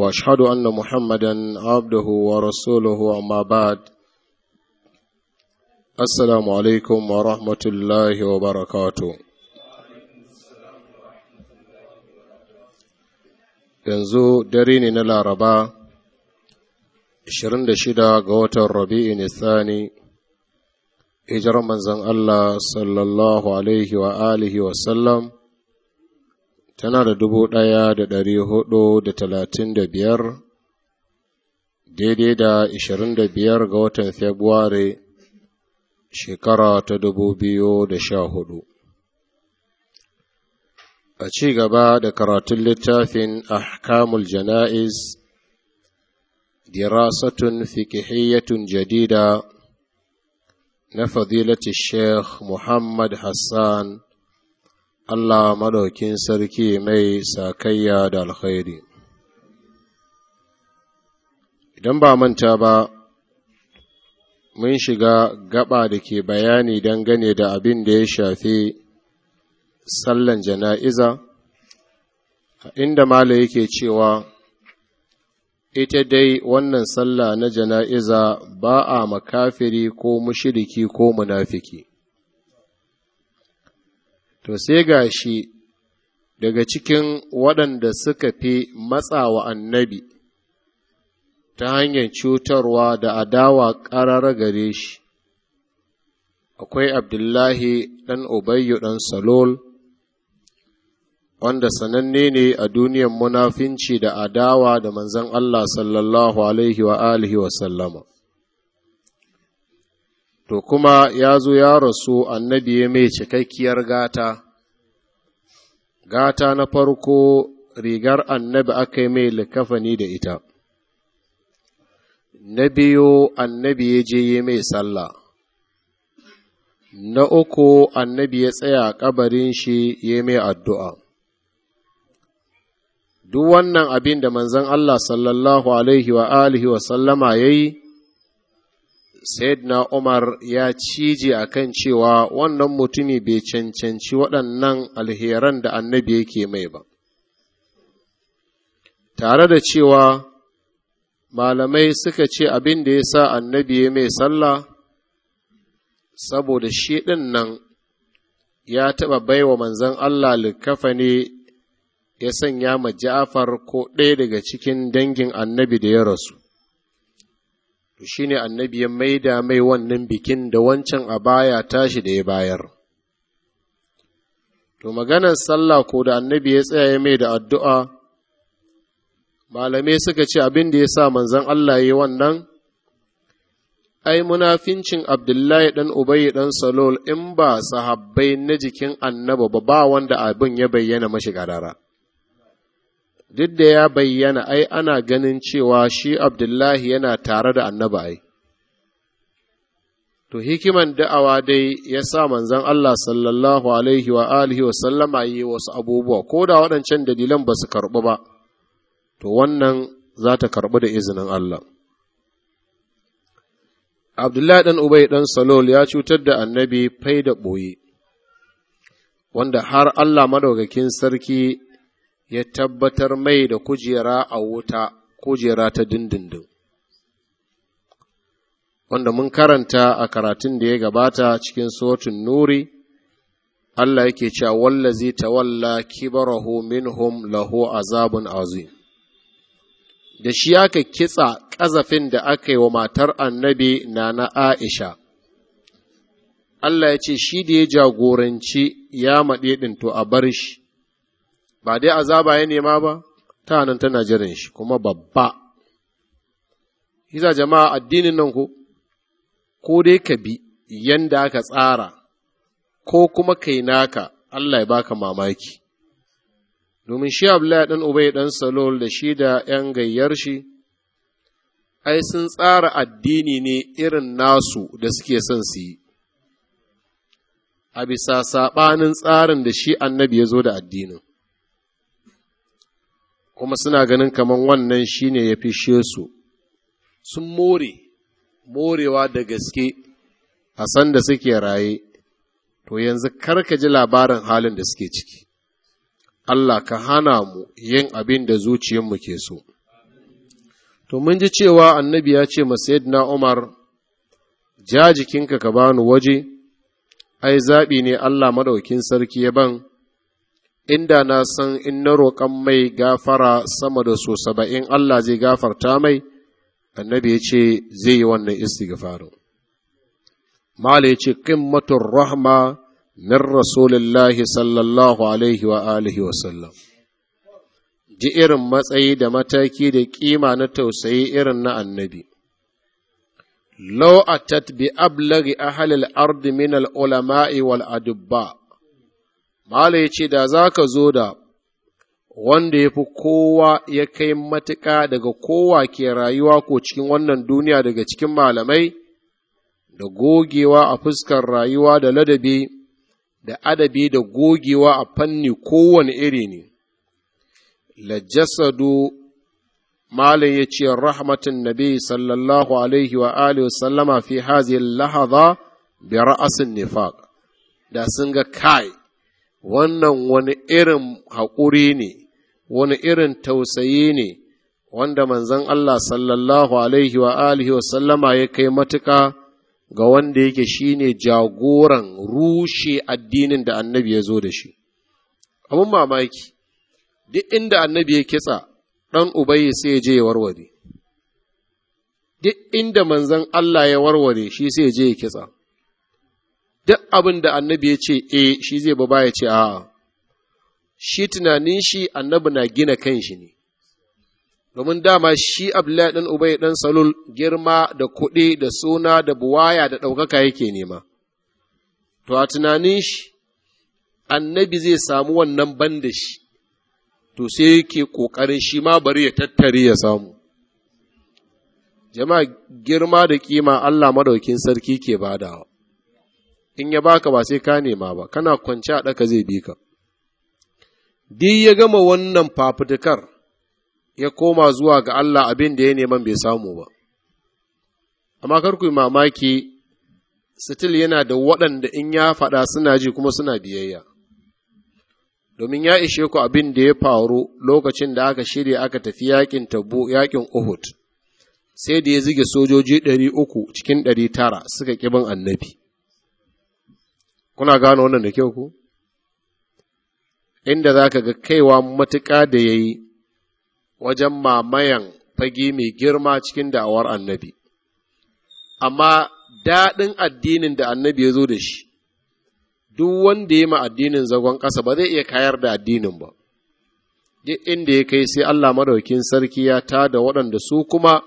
واشهد ان محمدا عبده ورسوله اما بعد السلام عليكم ورحمه الله وبركاته yanzu dare ne na laraba 26 ga watan rabi'i nisani hijirar manzon Allah sallallahu alaihi wa alihi wa sallam tana da dubu ɗaya da ɗari hudu da talatin da biyar daidai da ishirin da biyar ga watan Fabrairu shekara ta dubu biyu da sha hudu. A ci gaba da karatun littafin Ahkamul Jana'iz, dirasatun fikihiyyatun jadida na fadilati Sheikh Muhammad Hassan Allah madaukin sarki mai sakayya da alkhairi. Idan ba manta ba, mun shiga gaba da ke bayani dangane da abin da ya shafi sallan jana'iza, inda Mala yake cewa, Ita dai wannan sallah na jana'iza ba a makafiri ko mushiriki ko munafiki. to sai ga shi daga cikin waɗanda suka fi matsawa annabi ta hanyar cutarwa da adawa ƙarar gare shi akwai abdullahi ɗan ubayyu ɗan salol wanda sananne ne a duniyar munafinci da adawa da manzon Allah sallallahu alaihi wa alihi wa sallama to kuma ya zo ya rasu annabi ya mai cikakkiyar gata gata na farko rigar annabi aka yi mai likafani da ita na biyu annabi ya je yi mai sallah na uku annabi ya tsaya kabarin shi ya mai addu'a duk wannan abin da manzon Allah sallallahu alaihi wa alihi wa sallama ya yi Said na umar ya cije akan cewa wannan mutumi bai cancanci waɗannan alheran da annabi yake mai ba tare da cewa malamai suka ce abin da ya sa annabi ya mai sallah saboda shi ɗin nan ya taɓa baiwa manzon Allah likafa ne ya sanya ma Ja'far ko ɗaya daga cikin dangin annabi da ya rasu. to shine annabi ya maida mai wannan bikin da wancan a baya tashi da ya bayar to maganar sallah ko da annabi ya tsaya mai da addu'a malamai suka ce abin da ya sa manzon Allah yi wannan ai munafincin Abdullahi ɗan Ubayi ɗan Salol in ba sahabbai na jikin annaba ba ba wanda abin ya bayyana mashi gadara. duk da ya bayyana ai ana ganin cewa shi abdullahi yana tare da annaba ai to hikiman da'awa dai ya sa manzan Allah sallallahu alaihi wa alihi wa sallama yi wasu abubuwa ko da waɗancan dalilan ba su karɓi ba to wannan za ta karɓi da izinin Allah Abdullahi ɗan Ubay ɗan Salol ya cutar da annabi fai da ɓoye wanda har Allah madaukakin sarki ya tabbatar mai da kujera a wuta kujera ta dindindin wanda mun karanta a karatun da ya gabata cikin sotun nuri Allah yake cewa wallazi tawalla kibarahu minhum lahu azabun azim da shi aka kitsa ƙazafin da aka yi wa matar annabi na na Aisha Allah ya ce shi da ya jagoranci ya maɗe ɗin to a bar shi ba dai azaba ya nema ba ta nan tana jiran shi kuma babba Iza jama'a addinin nan ko ko dai ka bi yanda aka tsara ko kuma kai naka Allah ya baka mamaki domin shi Abdullahi dan Ubay dan Salol da shi da ‘yan gayyar shi, ai sun tsara addini ne irin nasu da suke son su yi, a bisa saɓanin tsarin da shi annabi ya zo da addinin. kuma suna ganin kamar wannan shine ya fishe su sun more morewa da gaske a san da suke raye to yanzu karka ji labarin halin da suke ciki Allah ka hana mu yin abin da zuciyarmu ke so to mun ji cewa annabi ya ce masa na Umar ja jikinka ka bani waje ai zaɓi ne Allah maɗaukin sarki ya ban inda na san in na roƙon mai gafara sama da so saba'in Allah zai gafarta mai annabi ya ce zai yi wannan istighfarin mala ya ce qimmatur rahma min rasulillahi sallallahu alaihi wa alihi wa sallam ji irin matsayi da mataki da kima na tausayi irin na annabi bi ablagi بأبلغ ardi الأرض من wal والأدباء malam ya ce, Da za ka zo da wanda ya fi kowa ya kai matuƙa daga kowa ke rayuwa ko cikin wannan duniya daga cikin malamai, da gogewa a fuskar rayuwa da ladabi, da adabi da gogewa a fanni kowane iri ne. Lajasadu Malam ya ce, Rahmatin Nabi sallallahu Alaihi wa Alihi sallama fi hazi lahaza bi ra'asin nifaq da sun ga kai wannan wani irin haƙuri ne wani irin tausayi ne wanda manzon Allah sallallahu alaihi wa alihi wa sallama ya kai matuka ga wanda yake shine jagoran rushe addinin da annabi ya zo da shi abin mamaki duk inda annabi ya kitsa ɗan ubayi sai je ya warware duk inda manzon Allah ya warware shi sai ya je ya kitsa duk abin da annabi ya ce e shi zai ba ya ce a'a shi tunanin shi annabi na gina kan shi ne domin dama shi abdullahi dan ubai ɗan salul girma da kuɗi da suna da buwaya da ɗaukaka yake nema to a tunanin shi annabi zai samu wannan ban da shi to sai yake ƙoƙarin shi ma bari ya tattari ya samu jama'a girma da kima Allah madaukin sarki ke badawa in ya baka ba sai ka nema ba kana kwanci a ɗaka zai bi ka duk ya gama wannan fafutukar ya koma zuwa ga Allah abin da ya neman bai samu ba amma kar ku mamaki sitil yana da waɗanda in ya faɗa suna ji kuma suna biyayya domin ya ishe ku abin da ya faru lokacin da aka shirya aka tafi yakin tabo yakin Uhud sai da ya zige sojoji ɗari uku cikin ɗari tara suka ƙi bin annabi kuna gano wannan da kyau ku inda za ka ga kaiwa matuƙa da ya yi wajen mamayan fage mai girma cikin da'awar annabi amma daɗin addinin da annabi ya zo da shi duk wanda ya ma addinin zagon ƙasa ba zai iya kayar da addinin ba duk inda ya kai sai Allah madaukin sarki ya ta da waɗanda su kuma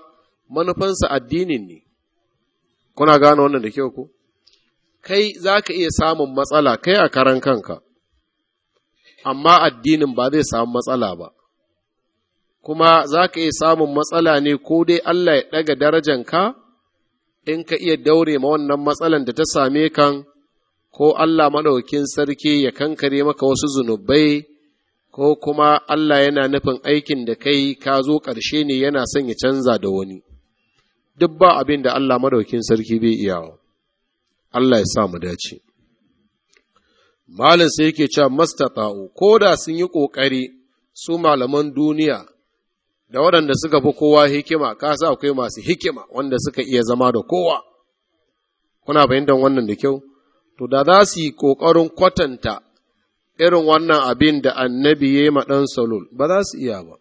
manufansa addinin ne kuna gano wannan da kyau ku? kai za ka iya samun matsala kai a karan kanka, amma addinin ba zai samu matsala ba, kuma za ka iya samun matsala ne ko dai Allah ya ɗaga darajanka in ka iya daure ma wannan matsalan da ta same kan, ko Allah maɗaukin sarki ya kankare maka wasu zunubai, ko kuma Allah yana nufin aikin da kai ka zo ƙarshe ne yana son ya canza da wani. Duk ba abin da Allah maɗaukin sarki bai iyawa. Allah ya sa mu dace malin sai yake cewa mastata'u ko da sun yi ƙoƙari su malaman duniya da waɗanda suka fi kowa hikima kasa akwai masu hikima wanda suka iya zama da kowa kuna fahimtar wannan da kyau to da za su yi ƙoƙarin kwatanta irin wannan abin da annabi ya yi maɗan salul ba za su iya ba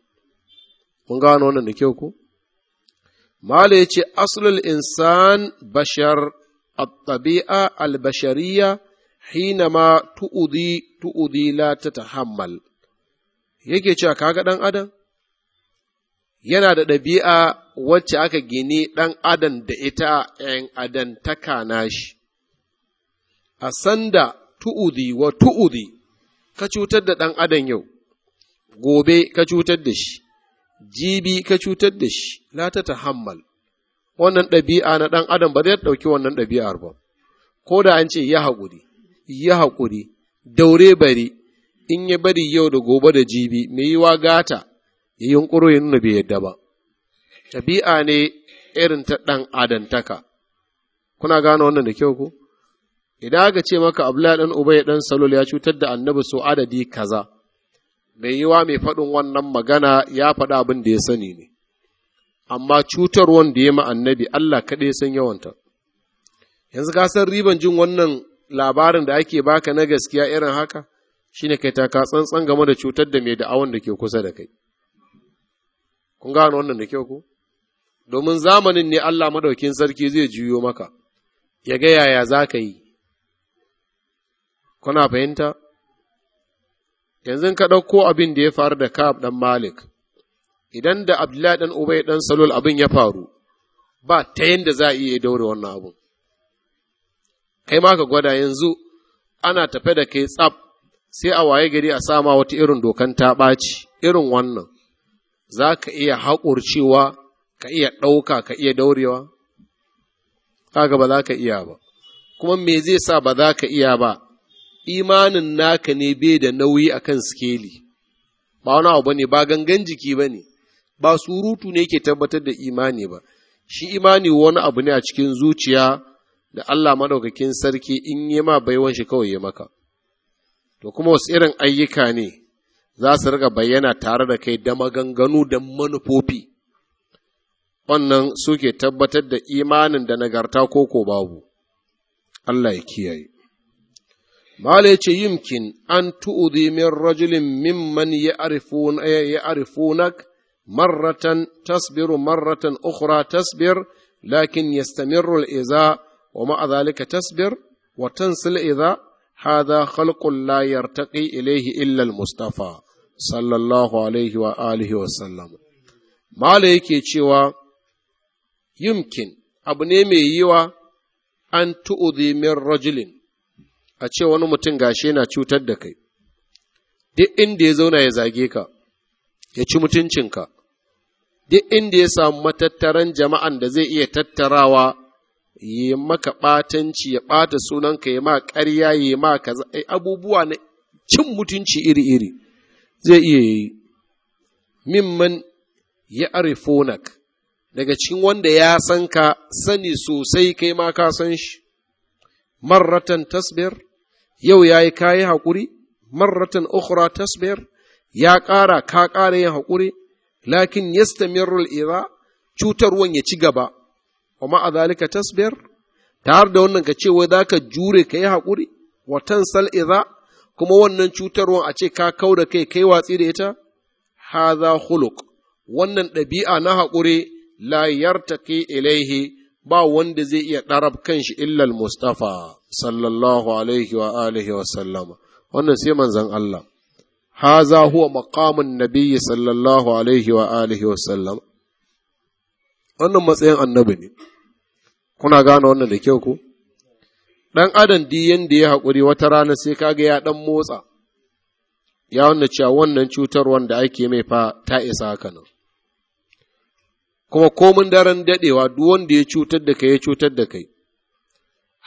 kun gano wannan da kyau ku mala ya ce asulul insan bashar الطبيعة البشرية حينما تؤذي تؤذي لا تتحمل yake cewa kaga ɗan adam yana da ɗabi'a wacce aka gini ɗan adam da ita ‘yan adam ta kana shi, a sanda tu'udi wa tu'udi ka cutar da ɗan adam yau, gobe ka cutar da shi, jibi ka cutar da shi, la ta tahammal, wannan ɗabi'a na ɗan adam ba zai ɗauki wannan ɗabi'ar ba ko da an ce ya haƙuri ya haƙuri daure bari in ya bari yau da gobe da jibi mai yiwa gata ya yunƙuro ya nuna bai yadda ba ɗabi'a ne irin ta ɗan adantaka kuna gano wannan da kyau ko idan aka ce maka abdullahi dan ya ɗan salol ya cutar da annabi so adadi kaza mai yiwa mai faɗin wannan magana ya faɗa abin da ya sani ne amma cutar wanda ya annabi Allah kaɗai san yawanta yanzu ka san riban jin wannan labarin da ake baka na gaskiya irin haka shine kai ta tsantsan game da cutar da mai da'awan da ke kusa da kai kun gano wannan da kyau ku domin zamanin ne Allah madaukin sarki zai juyo maka ya ga yaya za ka yi kuna fahimta yanzu ka ɗauko abin da ya faru da kab ɗan malik idan da abdullahi dan ubay dan salul abin ya faru ba ta yanda za a iya daure wannan abun kai ma ka gwada yanzu ana tafe da kai tsaf sai a waye gari a sama wata irin dokan ta ɓaci irin wannan za ka iya haƙurcewa ka iya ɗauka ka iya daurewa kaga ba za ka iya ba kuma me zai sa ba za ka iya ba imanin naka ne bai da nauyi akan sikeli. ba wani abu bane ba gangan jiki bane ba surutu ne ke tabbatar da imani ba shi imani wani abu ne a cikin zuciya da Allah maɗaukakin sarki in yi ma baiwan shi kawai ya maka to kuma wasu irin ayyuka ne za su riga bayyana tare da kai da maganganu da manufofi wannan suke tabbatar da imanin da nagarta ko ko babu Allah ya kiyaye Mala ya ce yimkin an tu'udhi min rajulin mimman ya arifunak marratan tasbiru marratan ukhra tasbir lakin yastamirru al-iza wa ma'azalika tasbir wa tansil idha hadha khalqun la yartaqi ilayhi illa al sallallahu alaihi wa alihi wa sallam mala yake cewa yumkin abu ne mai yiwa an tu'udhi min rajulin a ce wani mutum gashi yana cutar da kai duk inda ya zauna ya zage ka ya ci mutuncinka duk inda ya samu matattaran jama'an da zai iya tattarawa yi maka ɓatanci ya ɓata sunanka ya ma ƙarya ya ma kaza abubuwa na cin mutunci iri-iri zai iya yi mimman ya arifonak daga cikin wanda ya san ka sani sosai kai ma ka san shi marratan tasbir yau ya yi kayi haƙuri marratan ukhra tasbir ya ƙara ka ƙara yin haƙuri lakin yastamirru al-ira cutarwan ya ci gaba wa ma'a zalika tasbir har da wannan ka ce wai za ka jure kai hakuri Watan tansal idha kuma wannan cutarwan a ce ka kau da kai kai watsi da ita hadha khuluq wannan ɗabi'a na haƙuri la yartaki ilaihi ba wanda zai iya ɗarab kanshi illal Mustafa sallallahu alaihi wa alihi wa sallama wannan sai manzon Allah haza huwa maqamun nabiyyi sallallahu alaihi wa alihi wa sallam wannan matsayin annabi ne kuna gane wannan da kyau ko. dan adam di yanda ya hakuri wata rana sai kaga ya dan motsa ya wanda cewa wannan cutar wanda ake mai fa ta isa haka nan kuma komin daren dadewa duk wanda ya cutar da kai ya cutar da kai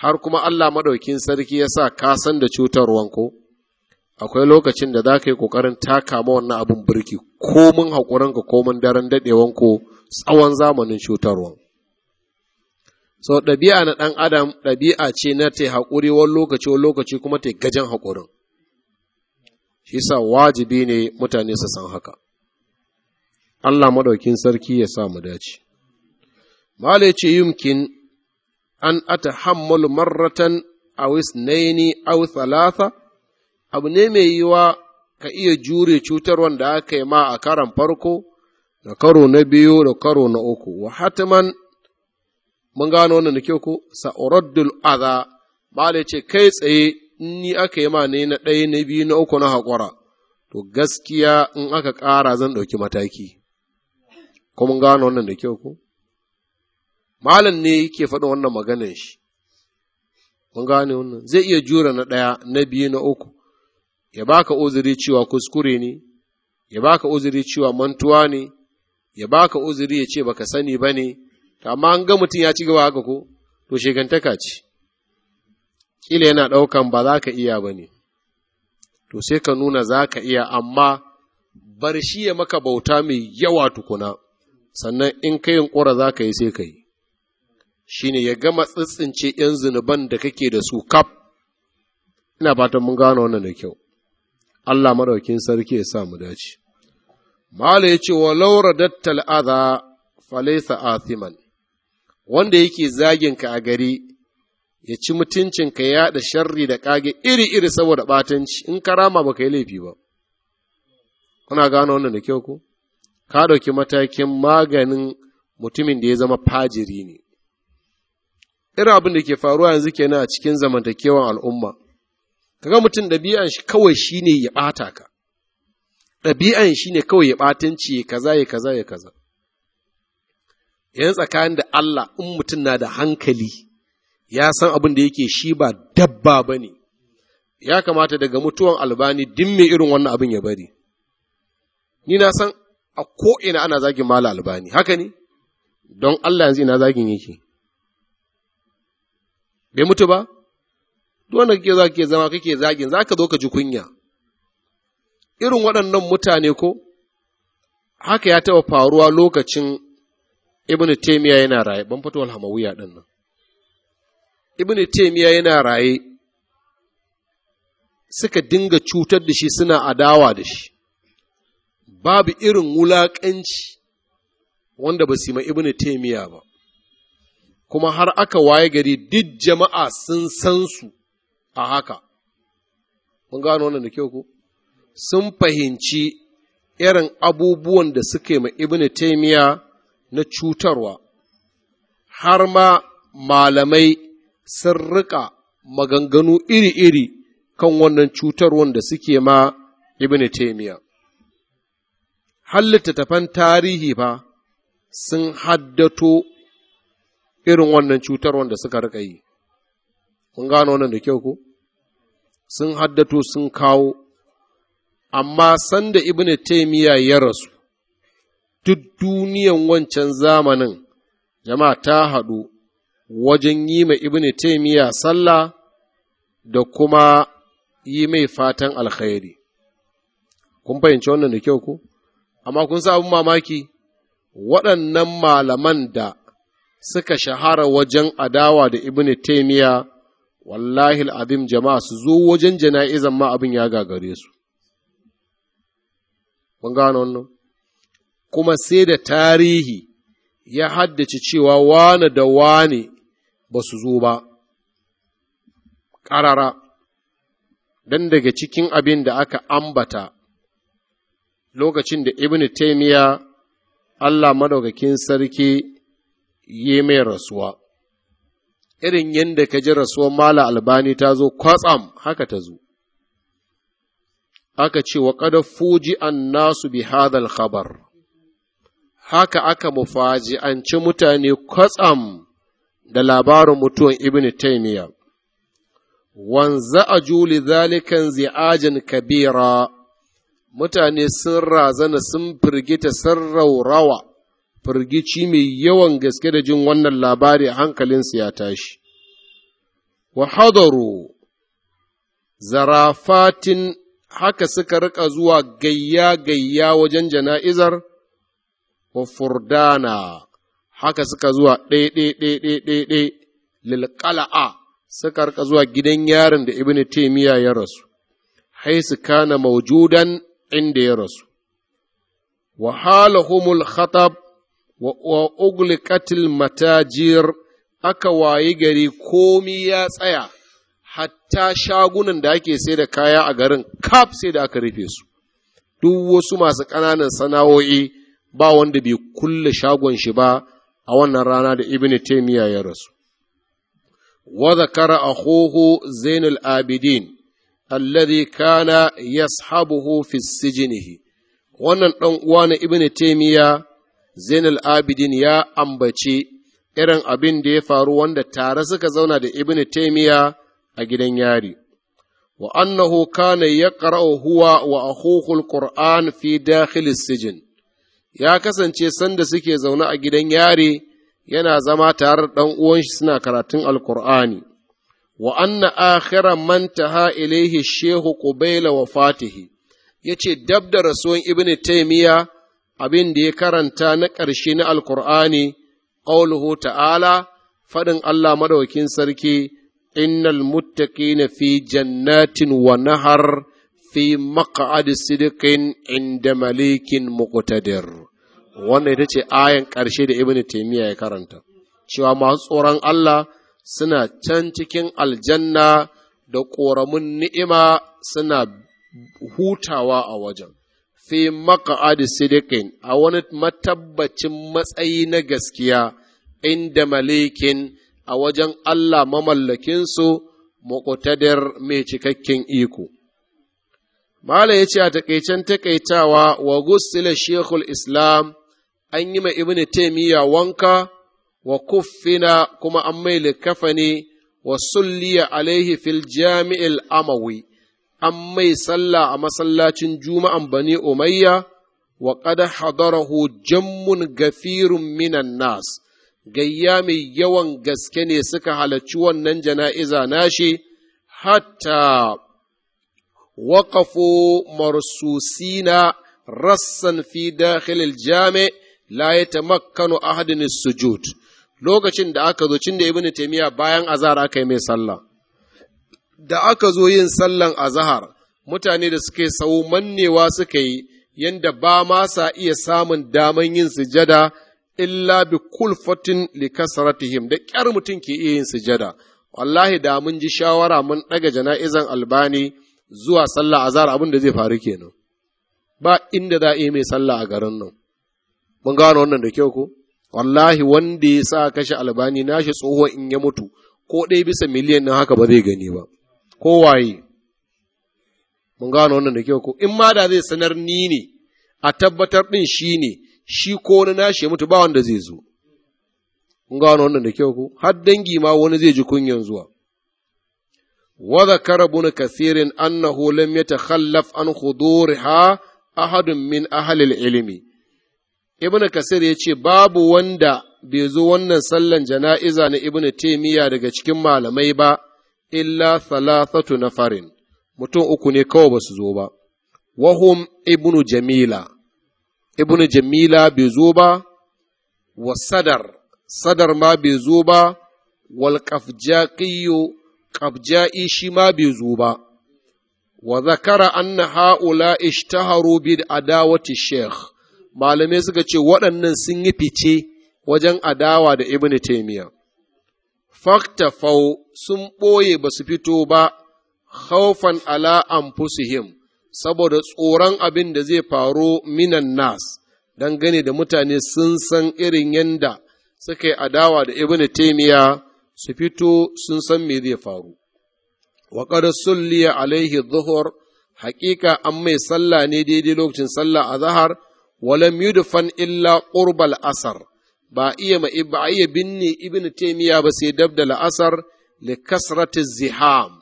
har kuma Allah madaukin sarki ya sa ka san da cutarwan ko akwai lokacin da za ka yi ƙoƙarin taka ma wannan abin birki komin ka komin daren ko tsawon zamanin cutarwa. sau ɗabi'a na ɗan adam ɗabi'a ce na ta haƙuri wani lokaci wani lokaci kuma ta gajen haƙurin shi sa wajibi ne mutane su san haka Allah madaukin sarki ya sa mu dace Mala ce yumkin an ata hammalu marratan a naini aw thalatha abu ne mai yiwa ka iya jure cutar wanda aka yi ma a karan farko da karo na biyu da karo na uku wa hatiman mun gano wannan da kyau ko sa'uraddul ba da ce kai tsaye ni aka yi ma ne na ɗaya na biyu na uku na haƙura to gaskiya in aka ƙara zan ɗauki mataki ko mun gano wannan da kyau ko malam ne yake faɗin wannan maganar shi mun gane wannan zai iya jura na ɗaya na biyu na uku ya baka uzuri cewa kuskure ne ya baka uzuri cewa mantuwa ne ya baka uzuri ya ce baka sani ba ne amma an ga mutum ya ci gaba haka ko to shegantaka ce kila yana ɗaukan ba za ka iya ba ne to sai ka nuna za ka iya amma bar shi ya maka bauta mai yawa tukuna sannan in ka yin ƙura za ka yi sai ka yi shi ne ya gama tsitsince ‘yan zunuban da kake da su kaf ina fatan mun gano wannan da kyau Allah maɗaukin sarki ya sa mu dace. Mala ya ce, wa laura dattal aza falaisa athiman, wanda yake zaginka a gari, ya ci mutuncinka ya da sharri da ƙage iri-iri saboda ɓatanci, in karama ba ka yi laifi ba. Kuna gano wannan da kyau ko? Ka ɗauki matakin maganin mutumin da ya zama fajiri ne. Irin abin da ke faruwa yanzu kenan a cikin zamantakewan al'umma. kaga mutum ɗabi'an shi kawai shi ne ya ɓata ka ɗabi'an shi ne kawai ya ɓatanci ya kaza ya kaza ya kaza yan tsakanin da Allah in mutum na da hankali ya san abin da yake shi ba dabba ba ne ya kamata daga mutuwan albani din mai irin wannan abin ya bari ni na san a ko'ina ana zagin mala albani haka ne don Allah yanzu ina zagin yake bai mutu ba dole ke za ke zama kake zagin za ka zo ka ji kunya irin waɗannan mutane ko haka ya taɓa faruwa lokacin ibn taimiya yana raye ban fito wuya ɗin nan ibn taimiya yana raye suka dinga cutar da shi suna adawa da shi babu irin wulaƙanci wanda ba su ma ibn taimiya ba kuma har aka waye gari duk jama'a sun san su a haka. Mun gano wannan da kyau ku. Sun fahimci irin abubuwan da suke ma Ibn taimiya na cutarwa, har ma malamai sun riƙa maganganu iri-iri kan wannan cutarwan da suke ma Ibn taimiya. Hallita tafan tarihi ba sun haddato irin wannan cutarwan da suka riƙa yi. kun gano wannan da kyau ko sun haddato sun kawo amma sanda ibn taymiya ya rasu duk duniyan wancan zamanin jama'a ta haɗu wajen yi mai ibn taymiya sallah da kuma yi mai fatan alkhairi kun fahimci wannan da kyau ko? amma kun sa abin mamaki waɗannan malaman da suka shahara wajen adawa da ibn taymiya wallahi al'adim jama'a su zo wajen jana'izan ma abin ya gagare su mun gano wannan kuma sai da tarihi ya haddace cewa wane da wane ba su zo ba ƙarara don daga cikin abin da aka ambata lokacin da ibn Taymiya Allah madaukakin sarki yi mai rasuwa irin yadda ka ji rasuwar mala albani ta zo kwatsam haka ta zo aka ce wa ƙada fuji an nasu bi hadal khabar haka aka an ci mutane kwatsam da labarin mutuwan ibn taimiya wanza a juli zalikan zi'ajin kabira mutane sun razana sun firgita sun raurawa firgici mai yawan gaske da jin wannan labari hankalinsu ya tashi. Wa hadaru zarafatin haka suka rika zuwa gayya-gayya wajen jana'izar, wa furdana haka suka zuwa ɗaiɗaiɗaiɗaiɗaiɗai lilƙala'a suka rika zuwa gidan yarin da Ibn taimiyya ya rasu, haisu kana maujudan inda ya rasu. Wahalahumul khatab wa uglikatil matajir aka wayi gari komi ya tsaya hatta shagunan da ake sai da kaya a garin kaf sai da aka rufe su duk wasu masu ƙananan sana'o'i ba wanda bai kulle shagon shi ba a wannan rana da ibn taymiya ya rasu wa zakara akhuhu zainul abidin alladhi kana yashabuhu fi sijnihi wannan ɗan uwa na ibn taymiya zainal abidin ya ambace irin abin da ya faru wanda tare suka zauna da ibn taimiya a gidan yari wa annahu kana yaqra'u huwa wa akhuhu alquran fi dakhil sijin ya kasance sanda suke zaune a gidan yari yana zama tare da ɗan'uwanshi suna karatun alqur'ani wa anna akhira man taha ilaihi shehu qubayla wa fatihi yace dab da rasuwan ibn taymiya abin da ya karanta na ƙarshe na alkur'ani ƙauluhu ta'ala faɗin Allah madawakin sarki innal muttaqina fi jannatin wa nahar fi maq'ad sidikin inda malikin muqtadir wannan ita ce ayan ƙarshe da Ibn taymiya ya karanta cewa masu tsoron Allah suna can cikin aljanna da ƙoramin ni'ima suna hutawa a wajen fi maka'adi sidikin a wani matabbacin matsayi na gaskiya inda malikin a wajen Allah mamallakinsu muƙutadar mai cikakken iko. Mala ya ce a taƙaicen taƙaitawa wa gusila shekul Islam an yi ma ibn taimiyya wanka wa kuffina kuma an mai ne wa sulliya alaihi fil jami'il amawi. an mai sallah a masallacin juma'an bani umayya wa qad hadarahu jammun gafirun minan nas gayya mai yawan gaske ne suka halarci wannan jana'iza nashi hatta وقفوا مرسوسين rassan fi dakhilil jami la a ahadin sujud lokacin da aka zo cin da ibnu taymiya bayan zara aka yi mai sallah da aka zo yin sallan azahar mutane da suke sau mannewa suka yi yanda ba ma sa iya samun daman yin sujada illa bi kulfatin li kasratihim da kyar mutum ke iya yin sujada wallahi da mun ji shawara mun ɗaga jana'izan albani zuwa sallah azhar abin da zai faru kenan ba inda za a yi mai sallah a garin nan mun gano wannan da kyau ko wallahi wanda ya sa kashe albani nashi tsoho in ya mutu ko ɗaya bisa miliyan nan haka ba zai gani ba kowaye mun gano wannan da kyau ko in ma da zai sanar ni ne a tabbatar ɗin shi ne shi ko wani nashi ya mutu ba wanda zai zo mun gano wannan da kyau ko har dangi ma wani zai ji kunyan zuwa wa zakara kasirin annahu ya yatakhallaf an huduriha ahadun min ahlil ilimi. ibn kasir ce, babu wanda bai zo wannan sallan jana'iza na ibn taymiya daga cikin malamai ba illa thalathatu nafarin mutum uku ne kawai ba su zo ba wahum ibnu jamila ibnu jamila bai zo ba wa sadar sadar ma bai zo ba wal qafjaqiyu qafja'i shi ma bai zo ba wa zakara anna ha'ula ishtaharu bi adawati sheikh malamai suka ce waɗannan sun yi fice wajen adawa da ibnu taymiyyah faktafau sun ɓoye ba su fito ba, haufan ala anfusihim saboda tsoron abin da zai faru minan nas, don dangane da mutane sun san irin yanda suka yi adawa da ibn taimiya su fito sun san me zai faru. Waƙar sulliya alaihi zuhur, haƙiƙa an mai sallah ne daidai lokacin sallah a zahar, walam fan illa ƙurbal asar. ba iya ma ba iya binne ibn taymiya ba sai dab da la'asar li kasrati ziham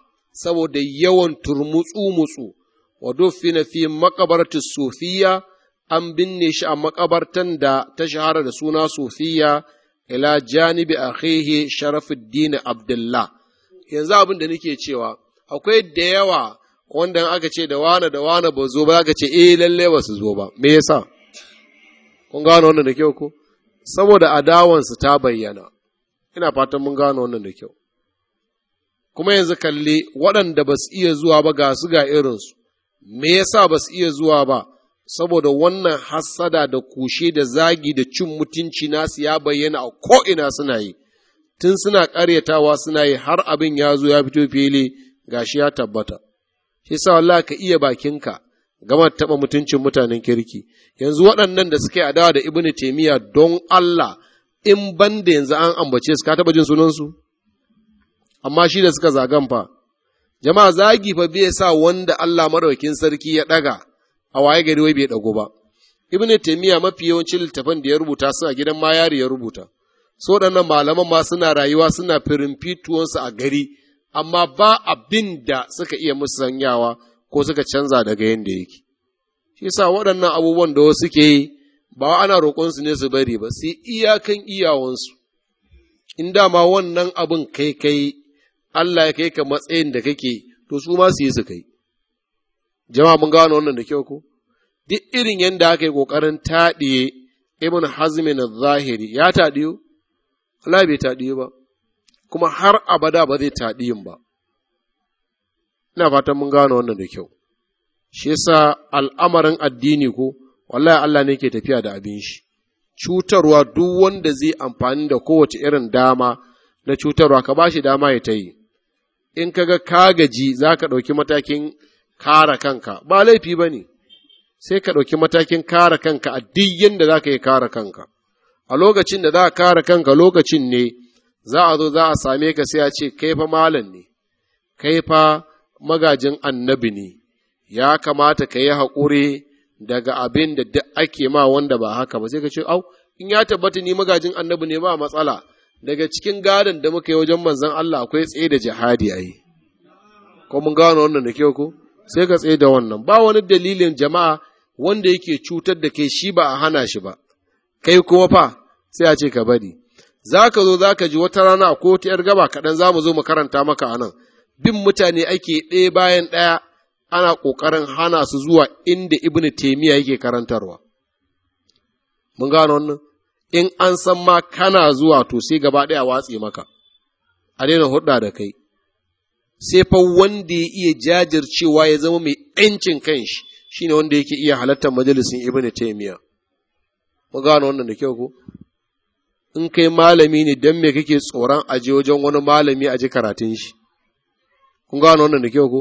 saboda yawan turmutsu mutsu wa dufina fi maqabarati sufiya an binne shi a makabartan da ta shahara da suna sufiya ila janibi akhihi sharafuddin abdullah yanzu abin da nake cewa akwai da yawa wanda aka ce da wane da wane ba zo ba aka ce eh lalle ba su zo ba me yasa kun gano wannan da kyau ko saboda adawansu ta bayyana ina fatan mun gano wannan da kyau kuma yanzu kalli waɗanda ba su iya zuwa ba ga su ga irinsu me yasa ba su iya zuwa ba saboda wannan hassada da kushe da zagi da cin mutunci nasu ya bayyana a ko'ina suna yi tun suna ƙaryatawa suna yi har abin ya zo ya fito fili shi ya tabbata shi sa Allah ka iya bakinka gama taɓa mutuncin mutanen kirki yanzu waɗannan da suke adawa da Ibn taimiyya don Allah in ban da yanzu an ambace su ka taɓa jin sunansu amma shi da suka zagan fa jama'a zagi fa bai sa wanda Allah maɗaukin sarki ya ɗaga a waye gari wai bai ɗago ba Ibn taimiyya mafi yawancin littafan da ya rubuta su a gidan mayari ya rubuta so waɗannan malaman ma suna rayuwa suna firinfituwansu a gari amma ba abin da suka iya musu sanyawa. ko suka canza daga yadda yake shi sa waɗannan abubuwan da wasu ke yi ba ana roƙonsu ne su bari ba sai iyakan iyawansu in dama wannan abin kai kai Allah ya kai ka matsayin da kake to su ma su yi su kai jama'a mun gano wannan da kyau ko duk irin yadda aka yi ƙoƙarin taɗiye ibn hazmin zahiri ya taɗiyo Allah bai taɗiyo ba kuma har abada ba zai taɗiyin ba ina fatan mun gano wannan da kyau shi yasa al'amarin addini ko wallahi Allah ne ke tafiya da abin shi cutarwa duk wanda zai amfani da kowace irin dama na cutarwa ka bashi dama ya ta in kaga ka gaji za ka ɗauki matakin kara kanka ba laifi bane sai ka ɗauki matakin kara kanka a duk yanda za yi kare kanka a lokacin da za a kare kanka lokacin ne za a zo za a same ka sai a ce kai fa malam ne kai fa magajin annabi ne ya kamata ka yi haƙuri daga abin da duk ake ma wanda ba haka ba sai ka ce au in ya tabbata ni magajin annabi ne ba matsala daga cikin gadon da muka yi wajen manzan Allah akwai tsaye da jihadi a yi ko mun gano wannan da ke ko sai ka tsaye da wannan ba wani dalilin jama'a wanda yake cutar da kai shi ba a hana shi ba kai kuma fa sai a ce ka bari za ka zo za ka ji wata rana ko ta yar gaba kaɗan za mu zo mu karanta maka a nan bin mutane ake ɗaya bayan ɗaya ana ƙoƙarin hana su zuwa inda ibn taimiyya yake karantarwa mun gano wannan in an san ma kana zuwa to sai gaba ɗaya watse maka a daina hudda da kai sai fa wanda ya iya jajircewa ya zama mai ‘yancin kanshi shine wanda yake iya halartar majalisin ibn taimiyya mun gano wannan da kyau ko in kai malami ne don me kake tsoron aje wajen wani malami aje karatun shi kun gano wannan da kyau ko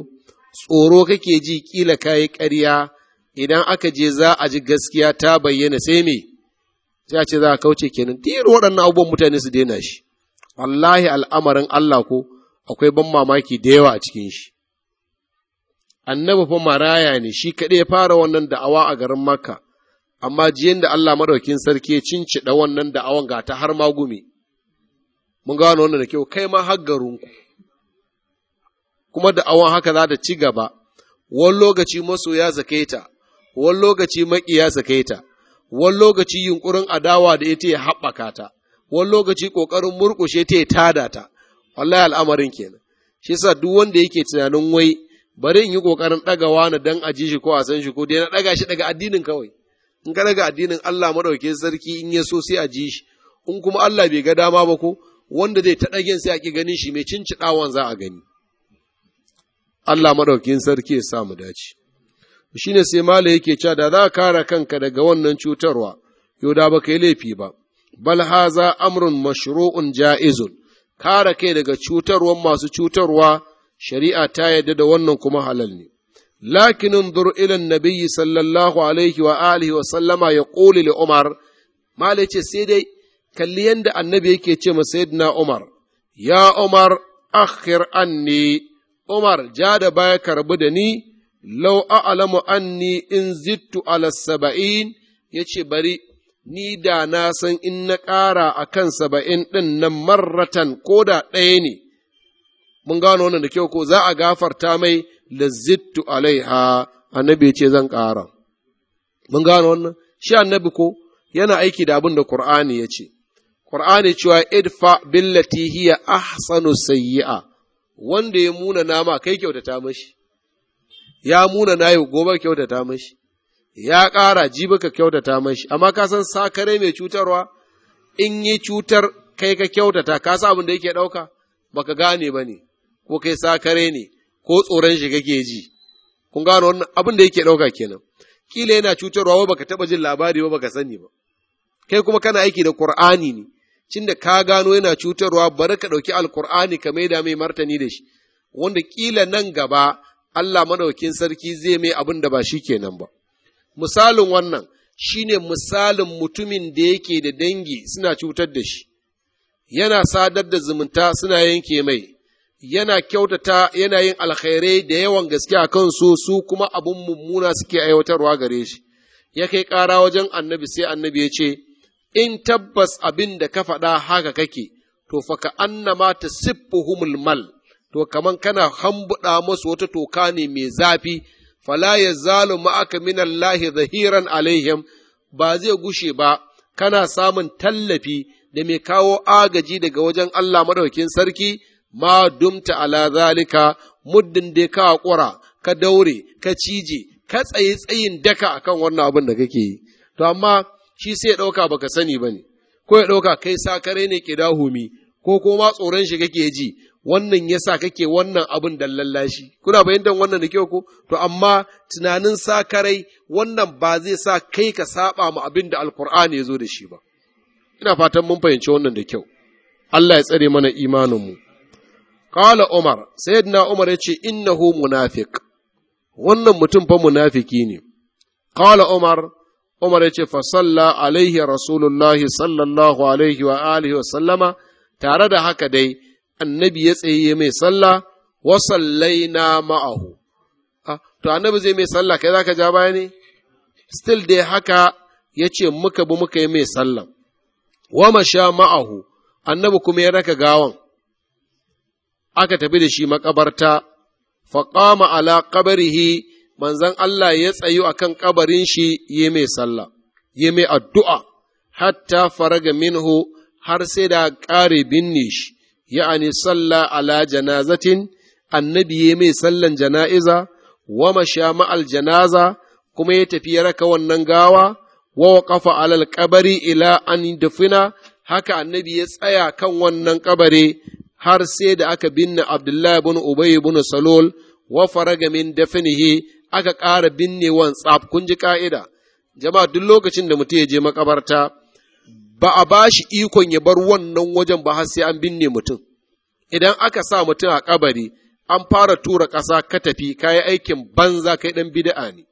tsoro kake ji kila kayi ƙarya idan aka je za a ji gaskiya ta bayyana sai me sai a ce za a kauce kenan tiro waɗannan abubuwan mutane su daina shi wallahi al'amarin Allah ko akwai ban mamaki da yawa a cikin shi annabi fa maraya ne shi kaɗai ya fara wannan da'awa a garin makka amma jiyan da Allah madaukin sarki ya cincida wannan da'awan ga ta har magumi mun gano wannan da kyau kai ma har ku. kuma da awon haka za ta ci gaba wani lokaci masoya zake ta wani lokaci maƙiya zake ta wani lokaci yunkurin adawa da ita ya haɓaka ta wani lokaci ƙoƙarin murƙushe ta ya tada ta wallahi al'amarin kenan shi sa duk wanda yake tunanin wai bari in yi ƙoƙarin ɗaga wani dan a ji shi ko a san shi ko dai na ɗaga shi daga addinin kawai in ka daga addinin Allah maɗauke sarki in ya so sai a ji shi in kuma Allah bai ga dama ba ko wanda zai ta ɗagen sai a ƙi ganin shi mai cinciɗawan za a gani Allah maɗaukin sarki ya mu dace. Shi ne sai malam yake cewa da za kare kanka daga wannan cutarwa, yau da baka yi laifi ba, bal haza amrun mashru'un ja'izun, kare kai daga cutarwan masu cutarwa, shari'a ta yadda da wannan kuma halal ne. Sallallahu alaihi wa alihi wa sallama ya الله li umar وسلم يقول sai dai kalli yanda annabi yake ce ma Umar, ya ya Umar akhir anni Umar ja da baya karbu da ni, lau a'lamu anni in zittu ala saba'in ya ce bari ni da na san in na ƙara a kan saba'in ɗin nan marratan ko da ɗaya ne, mun gano wannan da kyau ko za a gafarta mai da zittu alaiha annabi ce zan ƙara. Mun gano wannan, shi annabi ko yana aiki da abin da Ƙur'ani ya ce, Ƙur'ani cewa idfa billati hiya ahsanu sayyi'a wanda ya muna nama kai kyautata mashi, ya muna na gobe kyautata mashi, ya ƙara jibi kyautata mashi, amma ka san sakare mai cutarwa in yi cutar kai ka kyautata, ka sa abin da yake ɗauka, ba ka gane ba ne, ko kai sakare ne, ko tsoron shi kake ji, kun gano wannan abin da yake ɗauka kenan. Kila yana cutarwa ba baka taɓa jin labari ba baka sani ba, kai kuma kana aiki da Ƙur'ani ne. cin da ka gano yana cutarwa bari ka ɗauki alkur'ani ka maida mai martani da shi wanda ƙila nan gaba Allah maɗaukin sarki zai mai abin da ba shi kenan ba misalin wannan shine misalin mutumin da yake da dangi suna cutar da shi yana sadar da zumunta suna yanke mai yana kyautata yana yin alkhairai da yawan gaske a kansu su kuma abin mummuna suke aiwatarwa gare shi ya kai ƙara wajen annabi sai annabi ya ce in tabbas abin da ka faɗa haka kake, to fa ka annama ta siffuhumul mal, to kamar kana hambuɗa masu wata toka ne mai zafi, fala ya zalu ma'aka minallahi zahiran alaihim ba zai gushe ba, kana samun tallafi da mai kawo agaji daga wajen Allah madaukin sarki, ma dumta ala zalika muddin da ka haƙura, ka daure, ka cije, ka tsaye tsayin daka akan wannan abin da kake yi. To amma shi sai ya ɗauka baka sani ba ne, ko ya ɗauka kai sa kare ne ke dahumi, ko kuma tsoron shi kake ji, wannan ya sa kake wannan abin da lallashi. Kuna bayyantar wannan da kyau ko? To, amma tunanin sa sakarai wannan ba zai sa kai ka saba ma abin da Alkur'ani ya zo da shi ba. Ina fatan mun fahimci wannan da kyau. Allah ya tsare mana imaninmu. Kala Umar, Sayyidina Umar ya ce, Innahu munafik, wannan mutum fa munafiki ne. Kala Umar, umar yace fa salla alaihi rasulullahi sallallahu alaihi wa alihi wa sallama tare da haka dai annabi ya tsaye mai sallah wa sallaina ma'ahu ah, to annabi zai mai sallah kai zaka ja baya ne still dai haka yace muka bi muka yi mai salla wa masha ma'ahu annabi kuma ya raka gawan aka tafi da shi makabarta faqama ala qabrihi manzan Allah ya tsayu a kan ƙabarin shi yi mai sallah, yi mai addu'a, hatta faraga minhu har sai da ƙare binne shi, ya'ani sallah ala janazatin, annabi ya mai sallan jana'iza, wa masha ma'al janaza, kuma ya tafi ya raka wannan gawa, wa waƙafa alal ƙabari ila an dafina, haka annabi ya tsaya kan wannan ƙabari har sai da aka binne Abdullahi bin Ubay bin Salol, wa faraga min dafinihi aka ƙara binnewan tsaf kun ji ka'ida jama'a duk lokacin da mutum ya je makabarta ba a ba shi ikon ya bar wannan wajen ba har sai an binne mutum idan aka sa mutum a kabari an fara tura ƙasa ka tafi ka yi aikin banza kai ɗan bida'a ne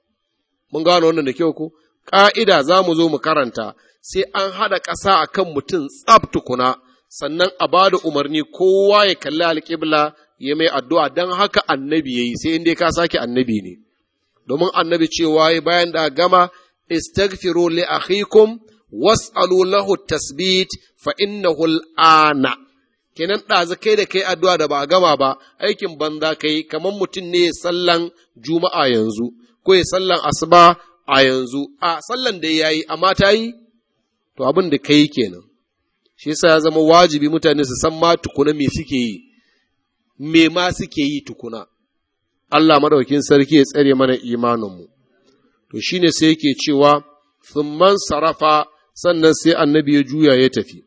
mun gano wannan da kyau ku? ƙa'ida za mu zo mu karanta sai an haɗa ƙasa a kan mutum tsaf tukuna sannan a ba da umarni kowa ya kalli alƙibla ya mai addu'a don haka annabi ya yi sai inda ka sake annabi ne domin annabi cewa yi bayan da gama istagfiru li akhikum was'alu lahu tasbit fa innahu al'ana kenan ɗazu kai da kai addu'a da ba a gama ba aikin banza kai kamar mutum ne sallan juma'a yanzu ko ya sallan asuba a yanzu a sallan da ya yi amma ta yi to abin da kai kenan shi yasa ya zama wajibi mutane su san ma tukuna me suke yi me ma suke yi tukuna Allah madaukin sarki ya tsare mana imaninmu to shine sai yake cewa thumman sarafa sannan sai annabi ya juya ya tafi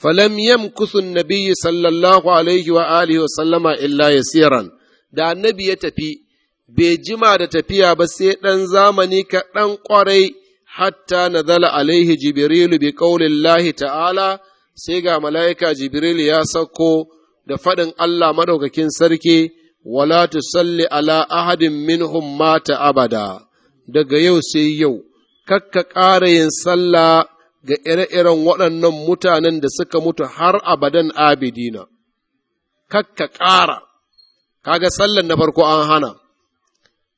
falam yamkuthu an-nabiy sallallahu alaihi wa alihi wa sallama illa yasiran da annabi ya tafi bai jima da tafiya ba sai ɗan zamani ka, kaɗan ƙwarai hatta nazala alaihi jibrilu bi ƙaulillahi ta'ala sai ga mala'ika jibril ya sauko da faɗin Allah madaukakin sarki wala salli ala ahadin minhum mata abada daga yau sai yau kakka ƙara yin sallah ga ire-iren waɗannan mutanen da suka mutu har abadan abidina kakka ƙara kaga sallan na farko an hana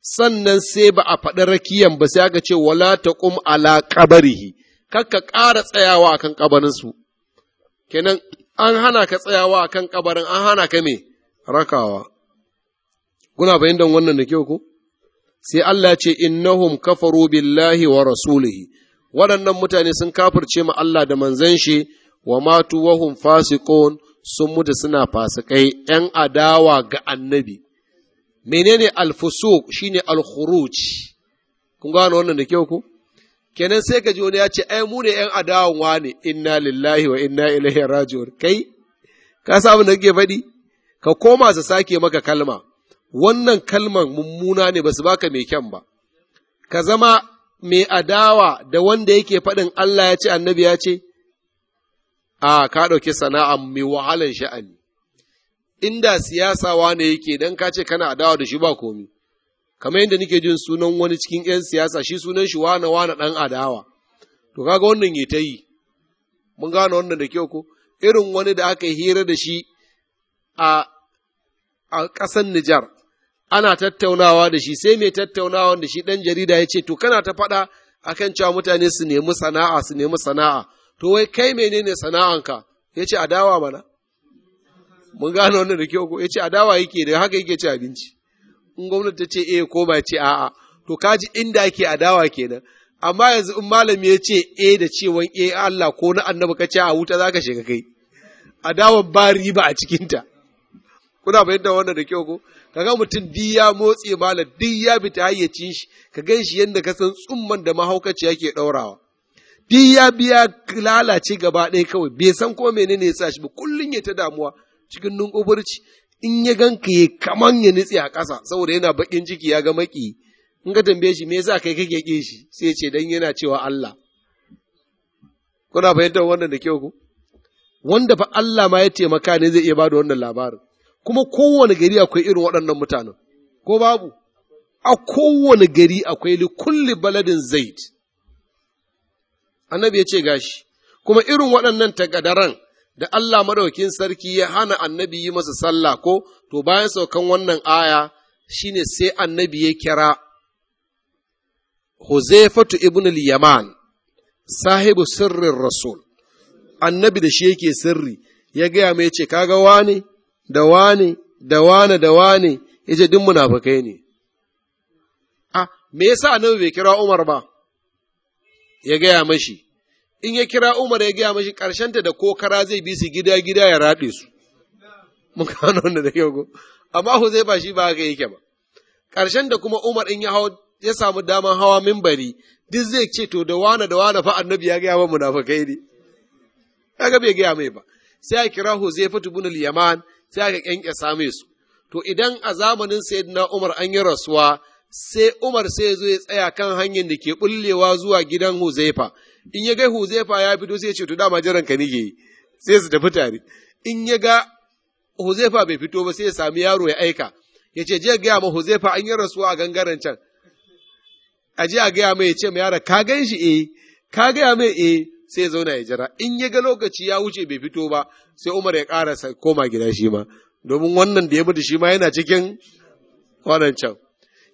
sannan sai ba a faɗi rakiyan ba sai aka ce wala ta ƙum ala qabrihi kakka ƙara tsayawa akan ƙabarinsu, kenan an hana ka tsayawa akan kabarin an hana ka mai, rakawa Kuna bayyandan wannan da kyau ku? Sai Allah ce innahum kafaru billahi wa rasulihi. Waɗannan mutane sun kafirce ma Allah da manzan shi wa matu wahum fasiqun sun mutu suna fasikai ‘yan adawa ga annabi. Menene alfusuk shine alkhuruj kun gano wannan da kyau ku Kenan sai ka ji wani ya ce, ai mu ne ‘yan adawan ne? inna lillahi wa inna ilaihi raji'un kai, ka sa abin da kake faɗi? Ka koma su sake maka kalma, wannan kalman mummuna ne ba su baka mai kyan ba ka zama mai adawa da wanda yake faɗin Allah ya ce annabi ya ce a ka ɗauki sana'a mai wahalan sha'ani inda siyasa wane yake don ka ce kana adawa da shi ba komi kamar yadda nake jin sunan wani cikin 'yan siyasa shi sunan shi wane wane ɗan adawa to kaga wannan ya ta yi mun gane wannan da kyau ko irin wani da aka hira da shi a a ƙasan Nijar ana tattaunawa da shi sai mai tattaunawa da shi ɗan jarida ya ce to kana ta faɗa akan cewa mutane su nemi sana'a su nemi sana'a to wai kai menene sana'anka ya ce adawa mana mun gane wannan da kyau ko ya ce adawa yake da haka yake ci abinci in gwamnati ta ce eh ko ba ce a'a to kaji inda ake adawa kenan amma yanzu in malami ya ce eh da cewan eh Allah ko na annabi ka ce a wuta zaka shiga kai dawa ba riba a cikinta kuna bayyana wannan da kyau ko Ka ga mutum duk ya motse malam duk ya bi ta hayyacin shi ka gan shi yadda ka san tsumman da mahaukaci yake ɗaurawa duk ya biya lalace gaba ɗaya kawai bai san ko menene ya sa shi ba kullum ya ta damuwa cikin nunkuburci in ya gan ka ya kaman ya nitse a ƙasa saboda yana baƙin ciki ya ga maki in ka tambaye shi me yasa kai kake ƙin shi sai ce dan yana cewa Allah kuna fahimtar wannan da kyau ku wanda fa Allah ma ya taimaka ne zai iya bada wannan labarin kuma kowane gari akwai irin waɗannan mutanen, ko babu, a kowane gari akwai li kulli baladin zaid. Annabi ya ce gashi, kuma irin waɗannan tagadaran da Allah madaukin sarki ya hana annabi yi masa sallah ko, to bayan saukan wannan aya shine sai annabi ya kira Huzaifatu ibn al-Yaman, sahibu sirrin Rasul, annabi da shi yake sirri, ya gaya mai ce, kaga wani? da wane da wane da wane Dinmu na munafikai ne a me yasa nan bai kira Umar ba ya gaya mashi in ya kira Umar ya gaya mashi ta da kokara zai bi su gida gida ya raɗe su mun gano wanda da yau amma Huzai ba shi ba haka yake ba ƙarshen da kuma Umar in ya samu daman hawa mimbari duk zai ce to da wane da wane fa annabi ya gaya wa munafakai ne ga bai gaya mai ba sai ya kira Huzaifa ibn al-Yaman sai aka kyanke same su to idan a zamanin na Umar an yi rasuwa sai Umar sai zo ya tsaya kan hanyar da ke bullewa zuwa gidan Huzaifa in ya ga Huzaifa ya fito sai ya ce to dama jiran ka nige sai su tafi tare in ya ga Huzaifa bai fito ba sai ya sami yaro ya aika ya ce je gaya ma Huzaifa an yi rasuwa a gangaren can a je a gaya mai ya ce mai yara ka gan shi eh ka gaya mai eh sai ya zauna ya jira in ya ga lokaci ya wuce bai fito ba sai Umar ya ƙara koma gida shi ma domin wannan da ya mutu shi ma yana cikin wadancan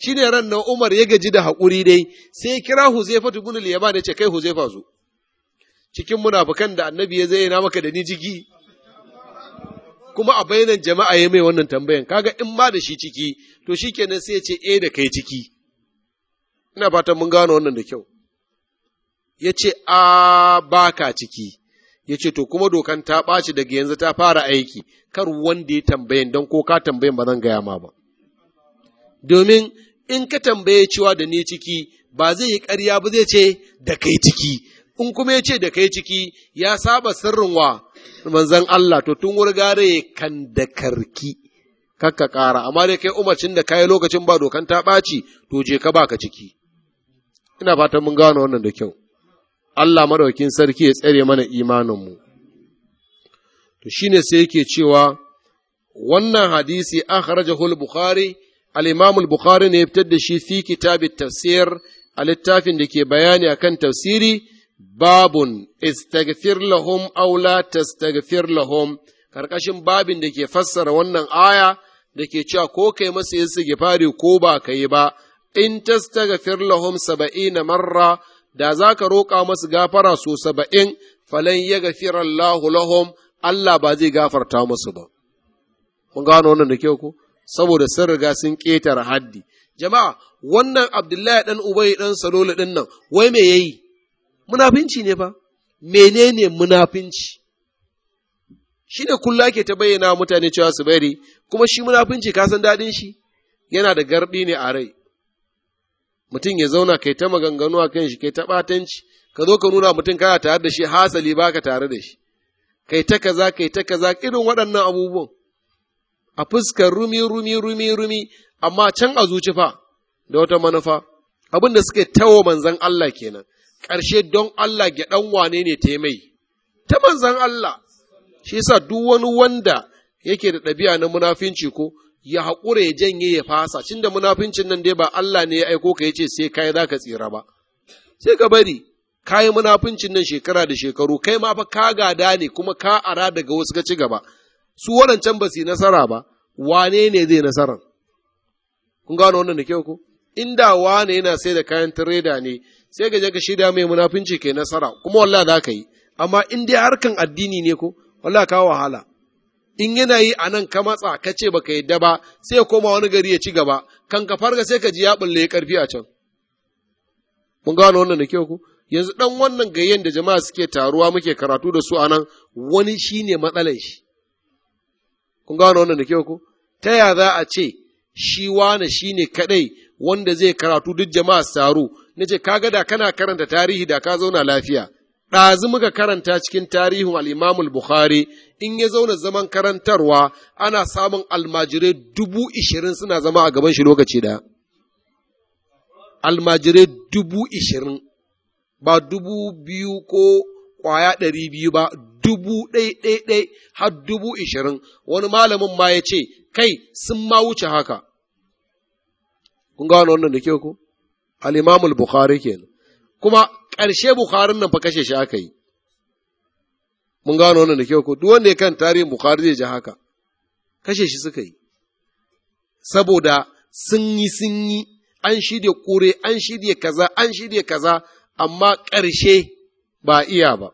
shi ne ran nan Umar ya gaji da haƙuri dai sai kira Huzaifa ibn al-Yaman da ce kai Huzaifa zo cikin munafukan da annabi ya zaina maka da ni jiki kuma a bayanan jama'a ya mai wannan tambayan kaga in ma da shi ciki to shi shikenan sai ya ce eh da kai ciki ina fatan mun gano wannan da kyau ya ce, A baka ciki, ya ce, To, kuma dokan ta ɓaci daga yanzu ta fara aiki, kar wanda ya tambayin don ko ka tambayen ba zan gaya ma ba. Domin in ka tambaye cewa da ni ciki, ba zai yi karya ba zai ce da kai ciki, in kuma ya ce da kai ciki ya saba sirrin wa manzan Allah, to tun wurgare kan da karki, kakka ƙara, amma dai kai umarcin da kayi lokacin ba dokan ta ɓaci, to je ka ba ka ciki. Ina fatan mun gano wannan da kyau. Allah maraukin sarki ya tsare mana imaninmu. To shine ne sai yake cewa wannan hadisi an harajahul Bukhari, al'imamul Bukhari ne ya fitar da shi fi kitabi tafsir a littafin da ke bayani a kan tafsiri, babun istagfir lahum aula tastagfir lahum, karkashin babin da ke fassara wannan aya da ke cewa ko kai masu yin ko ba ka yi ba, in tastagfir lahum saba'ina marra da za ka roƙa masu gafara so saba'in falon ya gafira firar lahum Allah ba zai gafarta musu ba. Mun gano wannan da kyau ko? Saboda sun riga sun ƙetare haddi. Jama'a, wannan Abdullahi ɗan Ubai ɗan Salolu ɗin nan, wai me yi? Munafinci ne fa? Menene munafinci? Shi ne kulla ke ta bayyana mutane cewa su bari, kuma shi munafinci ka san daɗin shi? Yana da garɗi ne a rai, mutum ya zauna kai ta maganganu a kan shi kai ta batanci ka zo ka nuna mutum kana tare da shi hasali baka tare da shi kai ta kaza kai ta kaza irin waɗannan abubuwan a fuskar rumi rumi rumi rumi amma can a zuci fa da wata manufa abin da suka tawo manzan Allah kenan ƙarshe don Allah gyaɗan wane ne ta mai ta manzan Allah shi yasa duk wani wanda yake da ɗabi'a na munafinci ko ya haƙura ya janye ya fasa cin da munafincin nan dai ba Allah ne ya aiko ka ya ce sai kai za ka tsira ba sai ka bari kayi munafincin nan shekara da shekaru kai ma fa ka gada ne kuma ka ara daga wasu ga ci gaba su waɗancan ba su yi nasara ba wane ne zai nasaran kun gano wannan da kyau ko da wane yana sai da kayan tireda ne sai ka je ka shirya mai munafinci ke nasara kuma wallah za ka yi amma in dai harkan addini ne ko wallah ka wahala in yana yi a nan ka matsa ka ce baka yadda ba sai ya koma wani gari ya ci gaba kan ka farga sai ka ji ya bulle karfi a can mun gano wannan da kyau ku yanzu dan wannan gayyen da jama'a suke taruwa muke karatu da su anan nan wani shine matsalar shi kun gano wannan da kyau ku ta ya za a ce shi wani shine kadai wanda zai karatu duk jama'a su taru nace kaga da kana karanta tarihi da ka zauna lafiya ɗazu muka karanta cikin tarihin al'imamul Bukhari, in ya zauna zaman karantarwa ana samun almajirai dubu ishirin suna zama a gaban shi lokaci da. Almajirai dubu ishirin, ba dubu biyu ko ƙwaya ɗari biyu ba, dubu ɗai har dubu ishirin, wani malamin ma ya ce, kai sun ma wuce haka. Kun gano wannan da ke ku? Al'imamul Bukhari kenan. kuma ƙarshe Bukharin nan fa kashe shi aka yi. Mun gano wannan da kyau ko duk wanda ya kan tarihin Bukhari zai ji haka. Kashe shi suka yi. Saboda sun yi sun yi an shirya kure an shirya kaza an shirya kaza amma ƙarshe ba iya ba.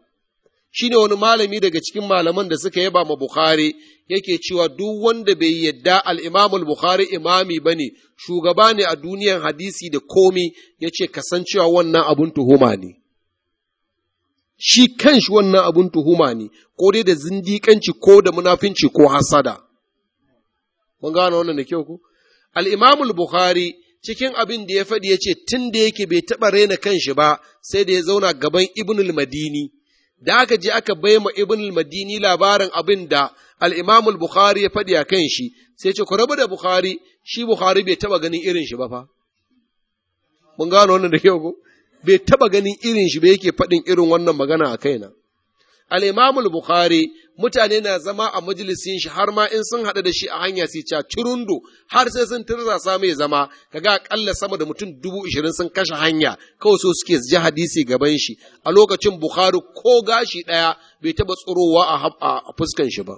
Shi ne wani malami daga cikin malaman da suka yaba ma Bukhari yake cewa duk wanda bai yadda al'imamul Bukhari imami ba ne, shugaba ne a duniyan hadisi da komi ya ce kasancewa wannan abun tuhuma ne. Shi kanshi wannan abun tuhuma ne, ko dai da zindikanci ko da munafinci ko hasada. Mun gane wannan da kyau ku? Al'imamul Bukhari cikin abin da ya faɗi ya ce tun da yake bai taɓa raina kanshi ba sai da ya zauna gaban Ibnul Madini. da aka je aka bai ma ibn al-madini labarin abin da al-imam al-bukhari ya faɗi a kan shi sai ce ku rabu da bukhari shi bukhari bai taba ganin irin shi ba fa mun gano wannan da kyau ko bai taba ganin irin shi ba yake faɗin irin wannan magana a kaina al-imam al-bukhari mutane na zama a majalisin shi har ma in sun haɗu da shi a hanya sai ca turundo har sai sun tirzasa mai zama kaga akalla sama da mutum dubu ishirin sun kashe hanya kawai so suke ji hadisi gaban shi a lokacin bukhari ko gashi ɗaya bai taɓa tsorowa a fuskan shi ba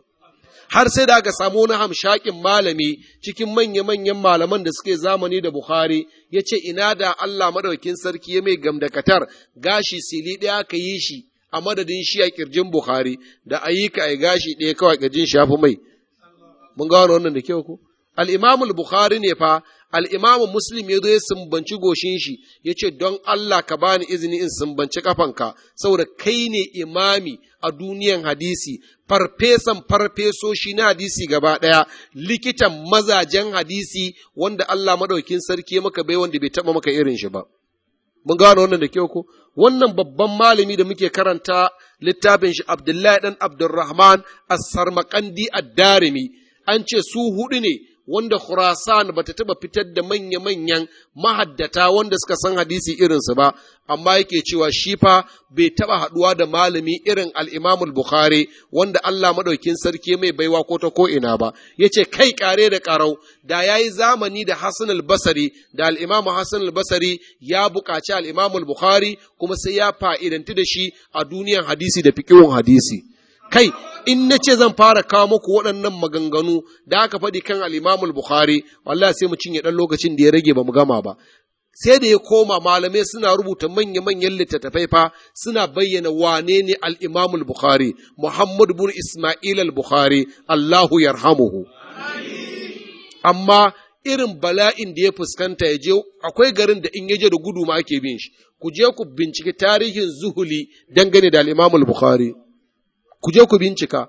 har sai da aka samu na hamshakin malami cikin manya-manyan malaman da suke zamani da Bukhari ya ce ina da Allah madaukin sarki ya mai gamdakatar gashi sili ɗaya ka yi shi a madadin shi a kirjin Bukhari da ayyuka ai gashi ɗaya kawai kirjin shafi mai mun gano wannan da kyau ko Al'imamul bukhari ne fa al'imamin Musulun ya zo ya sumbanci goshin shi yace don Allah ka bani izini in sumbanci kafanka saboda kai ne imami a duniyan hadisi farfesan farfesoshi na hadisi gaba ɗaya likitan mazajen hadisi wanda Allah maɗaukin sarki maka bai wanda bai taɓa maka irin shi ba mun gano wannan da kyau ko wannan babban malami da muke karanta littafin shi Abdullahi dan Abdurrahman as-Sarmaqandi ad-Darimi an ce su hudu ne wanda Khurasan ta taba fitar da manya-manyan mahaddata wanda suka san hadisi irinsu ba, amma yake cewa shi fa bai taba haɗuwa da malami irin al'imamul Bukhari wanda Allah maɗaukin sarki mai baiwa ko ta ko'ina ba, ya ce kai ƙare da ƙarau, da ya yi zamani da Hassan al-Basari, da al'imamu Hassan al-Basari ya buƙaci al'imamul Bukhari kuma sai ya fa'idanti da shi a duniyar hadisi da fikihun hadisi. kai in na ce zan fara kawo muku waɗannan maganganu da aka faɗi kan al'imamul Bukhari, wallahi sai mu cinye ɗan lokacin da ya rage ba mu gama ba. Sai da ya koma malamai suna rubuta manya-manyan littattafai fa suna bayyana wane ne al'imamul Bukhari, Muhammadu bin Ismail al-Bukhari, Allahu yarhamuhu. Amma irin bala'in da ya fuskanta ya je akwai garin da in ya je da gudu ma ake bin shi, ku je ku binciki tarihin zuhuli dangane da al'imamul Bukhari. ku je ku bincika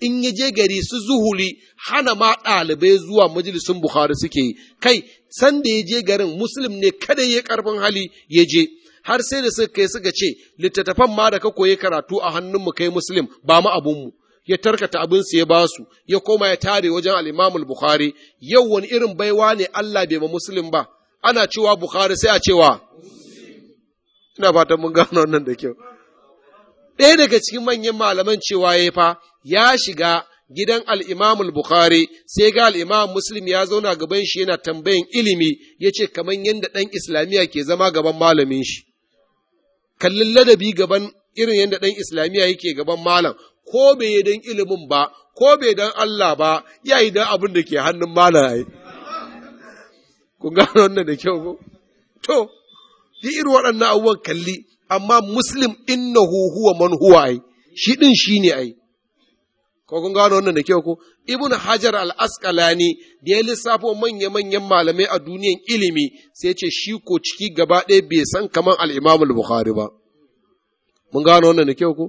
in ya je gari su zuhuli hana ma ɗalibai zuwa majalisun Bukhari suke kai sanda ya je garin Muslim ne kada ya karfin hali ya je har sai da suka kai suka ce littattafan ma da ka koyi karatu a hannunmu kai Muslim ba mu abunmu ya tarkata abin su ya ba su ya koma ya tare wajen al bukhari yau wani irin baiwa ne Allah bai ma Muslim ba ana cewa Bukhari sai a cewa ina fatan mun gano wannan da kyau ɗaya daga cikin manyan malaman cewa ya fa ya shiga gidan al'imamul Bukhari sai ga al'imam Muslim ya zauna gaban shi yana tambayin ilimi ya ce kamar yadda ɗan Islamiyya ke zama gaban malamin shi. Kallin ladabi gaban irin yadda ɗan Islamiyya yake gaban malam, ko bai yi don ilimin ba, ko bai don Allah ba, ya yi don abin da ke hannun malam Ku gano wannan da kyau ko? To, yi irin waɗannan abubuwan kalli, amma muslim innahu huwa man huwa ai shi din ne ai ko kun gano wannan da kyau ko ibn hajar al-asqalani da ya lissafo manya manyan malamai a duniyan ilimi sai ce shi ko ciki gaba ɗaya bai san kaman al-imam al-bukhari ba mun gano wannan da kyau ko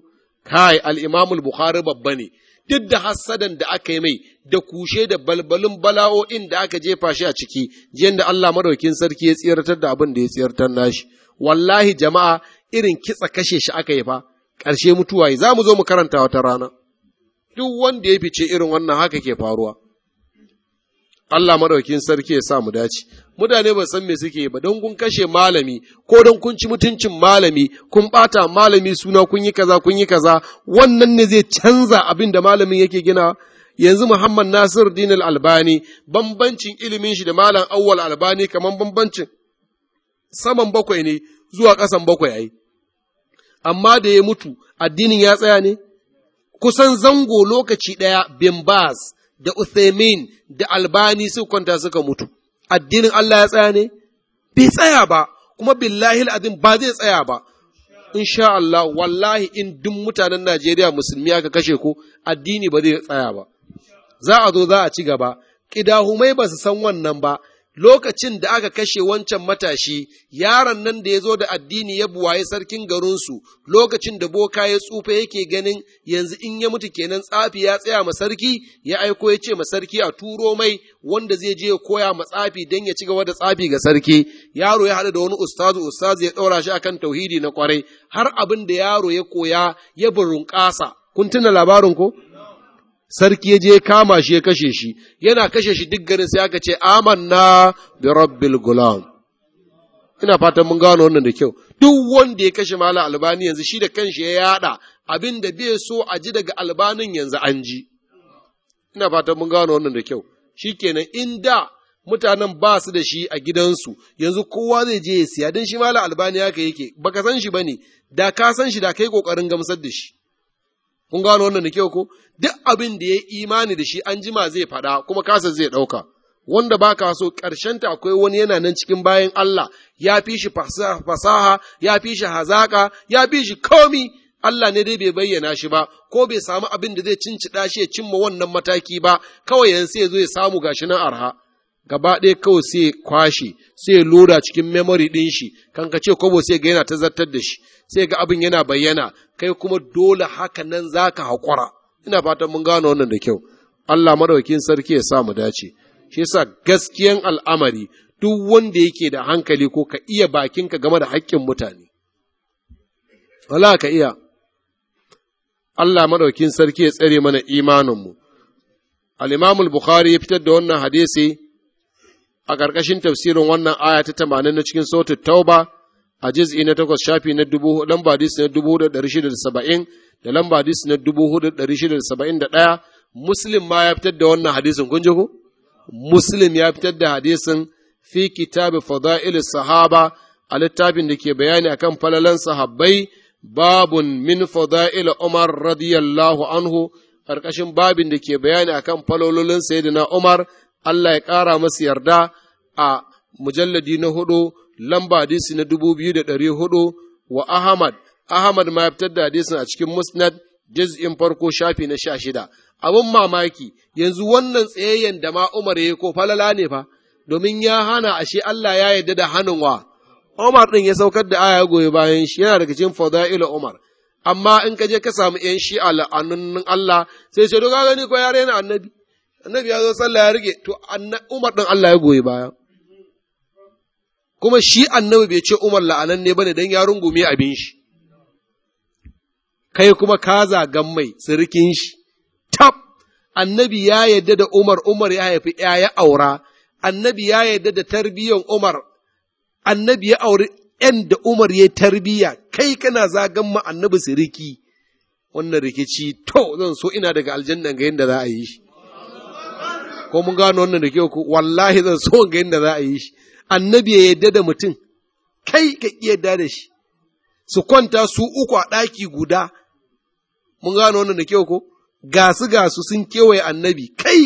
kai al-imam al-bukhari babba ne duk da hassadan da aka yi mai da kushe da balbalin bala'o'in da aka jefa shi a ciki jiyan da Allah madaukin sarki ya tsiyartar da abin da ya tsirtar nashi wallahi jama'a irin kitsa kashe shi aka yi fa ƙarshe mutuwa za mu zo mu karanta wata rana duk wanda ya fice irin wannan haka ke faruwa Allah madaukin sarki ya sa mu dace mutane ba san me suke ba don kun kashe malami ko don kun ci mutuncin malami kun bata malami suna kun yi kaza kun yi kaza wannan ne zai canza abin da malamin yake gina yanzu Muhammad Nasir Din Albani bambancin ilimin shi da malam Awwal Albani kaman bambancin saman bakwai ne zuwa ƙasan bakwai ai amma da ya mutu addinin ya tsaya ne kusan zango lokaci ɗaya Bimbas da Uthaymin da Albani suka kwanta suka mutu addinin Allah ya tsaya ne bai tsaya ba kuma billahi al'adin ba zai tsaya ba sha Allah wallahi in duk mutanen Najeriya musulmi aka kashe ko addini ba zai tsaya ba za a zo za a ci gaba kidahumai ba su san wannan ba lokacin da aka kashe wancan matashi, yaron nan da ya zo da addini ya buwaye sarkin garinsu, lokacin da boka ya tsufa yake ganin yanzu in ya mutu kenan tsafi ya tsaya ma sarki, ya aiko ya ce ma sarki a turo mai wanda zai je ya koya ma tsafi don ya ci gaba da tsafi ga sarki. Yaro ya haɗu da wani ustazu, ustazu ya ɗaura shi akan tauhidi na kwarai, har abin da yaro ya koya ya burunƙasa. Kun tuna labarin ko? sarki ya je kama shi ya kashe shi yana kashe shi duk garin sai aka ce amanna bi rabbil gulam ina fatan mun gano wannan da kyau duk wanda ya kashe malam albani yanzu shi da kanshi ya yada abin da bai so a ji daga albanin yanzu an ji ina fatan mun gano wannan da kyau shikenan in da mutanen ba su da shi a gidansu yanzu kowa zai je ya siya don shi malam albani haka yake baka san shi bane da ka san shi da kai kokarin gamsar da shi kun gano wannan da kyau ko duk abin da ya yi imani da shi an jima zai faɗa kuma kasa zai ɗauka wanda ba ka so ta akwai wani yana nan cikin bayan Allah ya fi shi fasaha ya fi shi hazaka ya fi shi komi Allah ne dai bai bayyana shi ba ko bai samu abin da zai cincida shi ya cimma wannan mataki ba kawai yanzu sai ya zo ya samu gashi nan arha gaba ɗaya kawai sai kwashe sai lura cikin memory ɗin shi kan ka ce kwabo sai ga yana ta zartar da shi sai ga abin yana bayyana kai kuma dole haka nan za ka haƙura ina fatan mun gano wannan da kyau Allah maɗaukin sarki ya sa mu dace shi yasa gaskiyan al'amari duk wanda yake da hankali ko ka iya bakinka game da haƙƙin mutane wala ka iya Allah maɗaukin sarki ya tsare mana imaninmu al-Imam bukhari ya fitar da wannan hadisi a ƙarƙashin tafsirin wannan aya ta tamanin na cikin sautin tauba a jiz'i na takwas shafi na dubu lamba hadis na dubu da ɗari shida da saba'in da lamba hadis na dubu hudu da ɗari shida da saba'in da ɗaya muslim ma ya fitar da wannan hadisin kun ji ku muslim ya fitar da hadisin fi kitabi fada'il sahaba a littafin da ke bayani akan falalan sahabbai babun min fada'il umar radiyallahu anhu karkashin babin da ke bayani akan falololin sayyidina umar Allah ya ƙara masa yarda a mujalladi na hudu lamba hadisi na dubu biyu da ɗari hudu wa Ahmad Ahmad ma ya fitar da hadisin a cikin Musnad juz'in farko shafi na sha shida abin mamaki yanzu wannan tsayayyen da ma Umar ya ko falala ne fa domin ya hana ashe Allah ya yarda da hannun wa Umar ɗin ya saukar da aya goyi bayan shi yana daga cikin fada'ilu Umar amma in ka je ka samu ‘yan shi'a la'anun Allah sai ce, Doga gani ko yare na annabi, annabi ya zo sallah ya rage. to umar ɗin Allah ya goyi baya kuma shi annabi bai ce umar la'anan ne bane dan ya rungume abin shi kai kuma ka zagan mai sirikin shi tab annabi ya yadda da umar umar ya haifi ya aura annabi ya yadda da tarbiyyar umar annabi ya auri ‘yan da Umar ya tarbiya, kai kana zagan ma annabi siriki, wannan rikici, to zan so ina daga aljannan ga yadda za a yi shi. ko mun gano wannan da kyau wallahi zan so ga yadda za a yi shi annabi ya yadda da mutum kai ka yadda da shi su kwanta su uku a ɗaki guda mun gano wannan da kyau ko gasu gasu sun kewaye annabi kai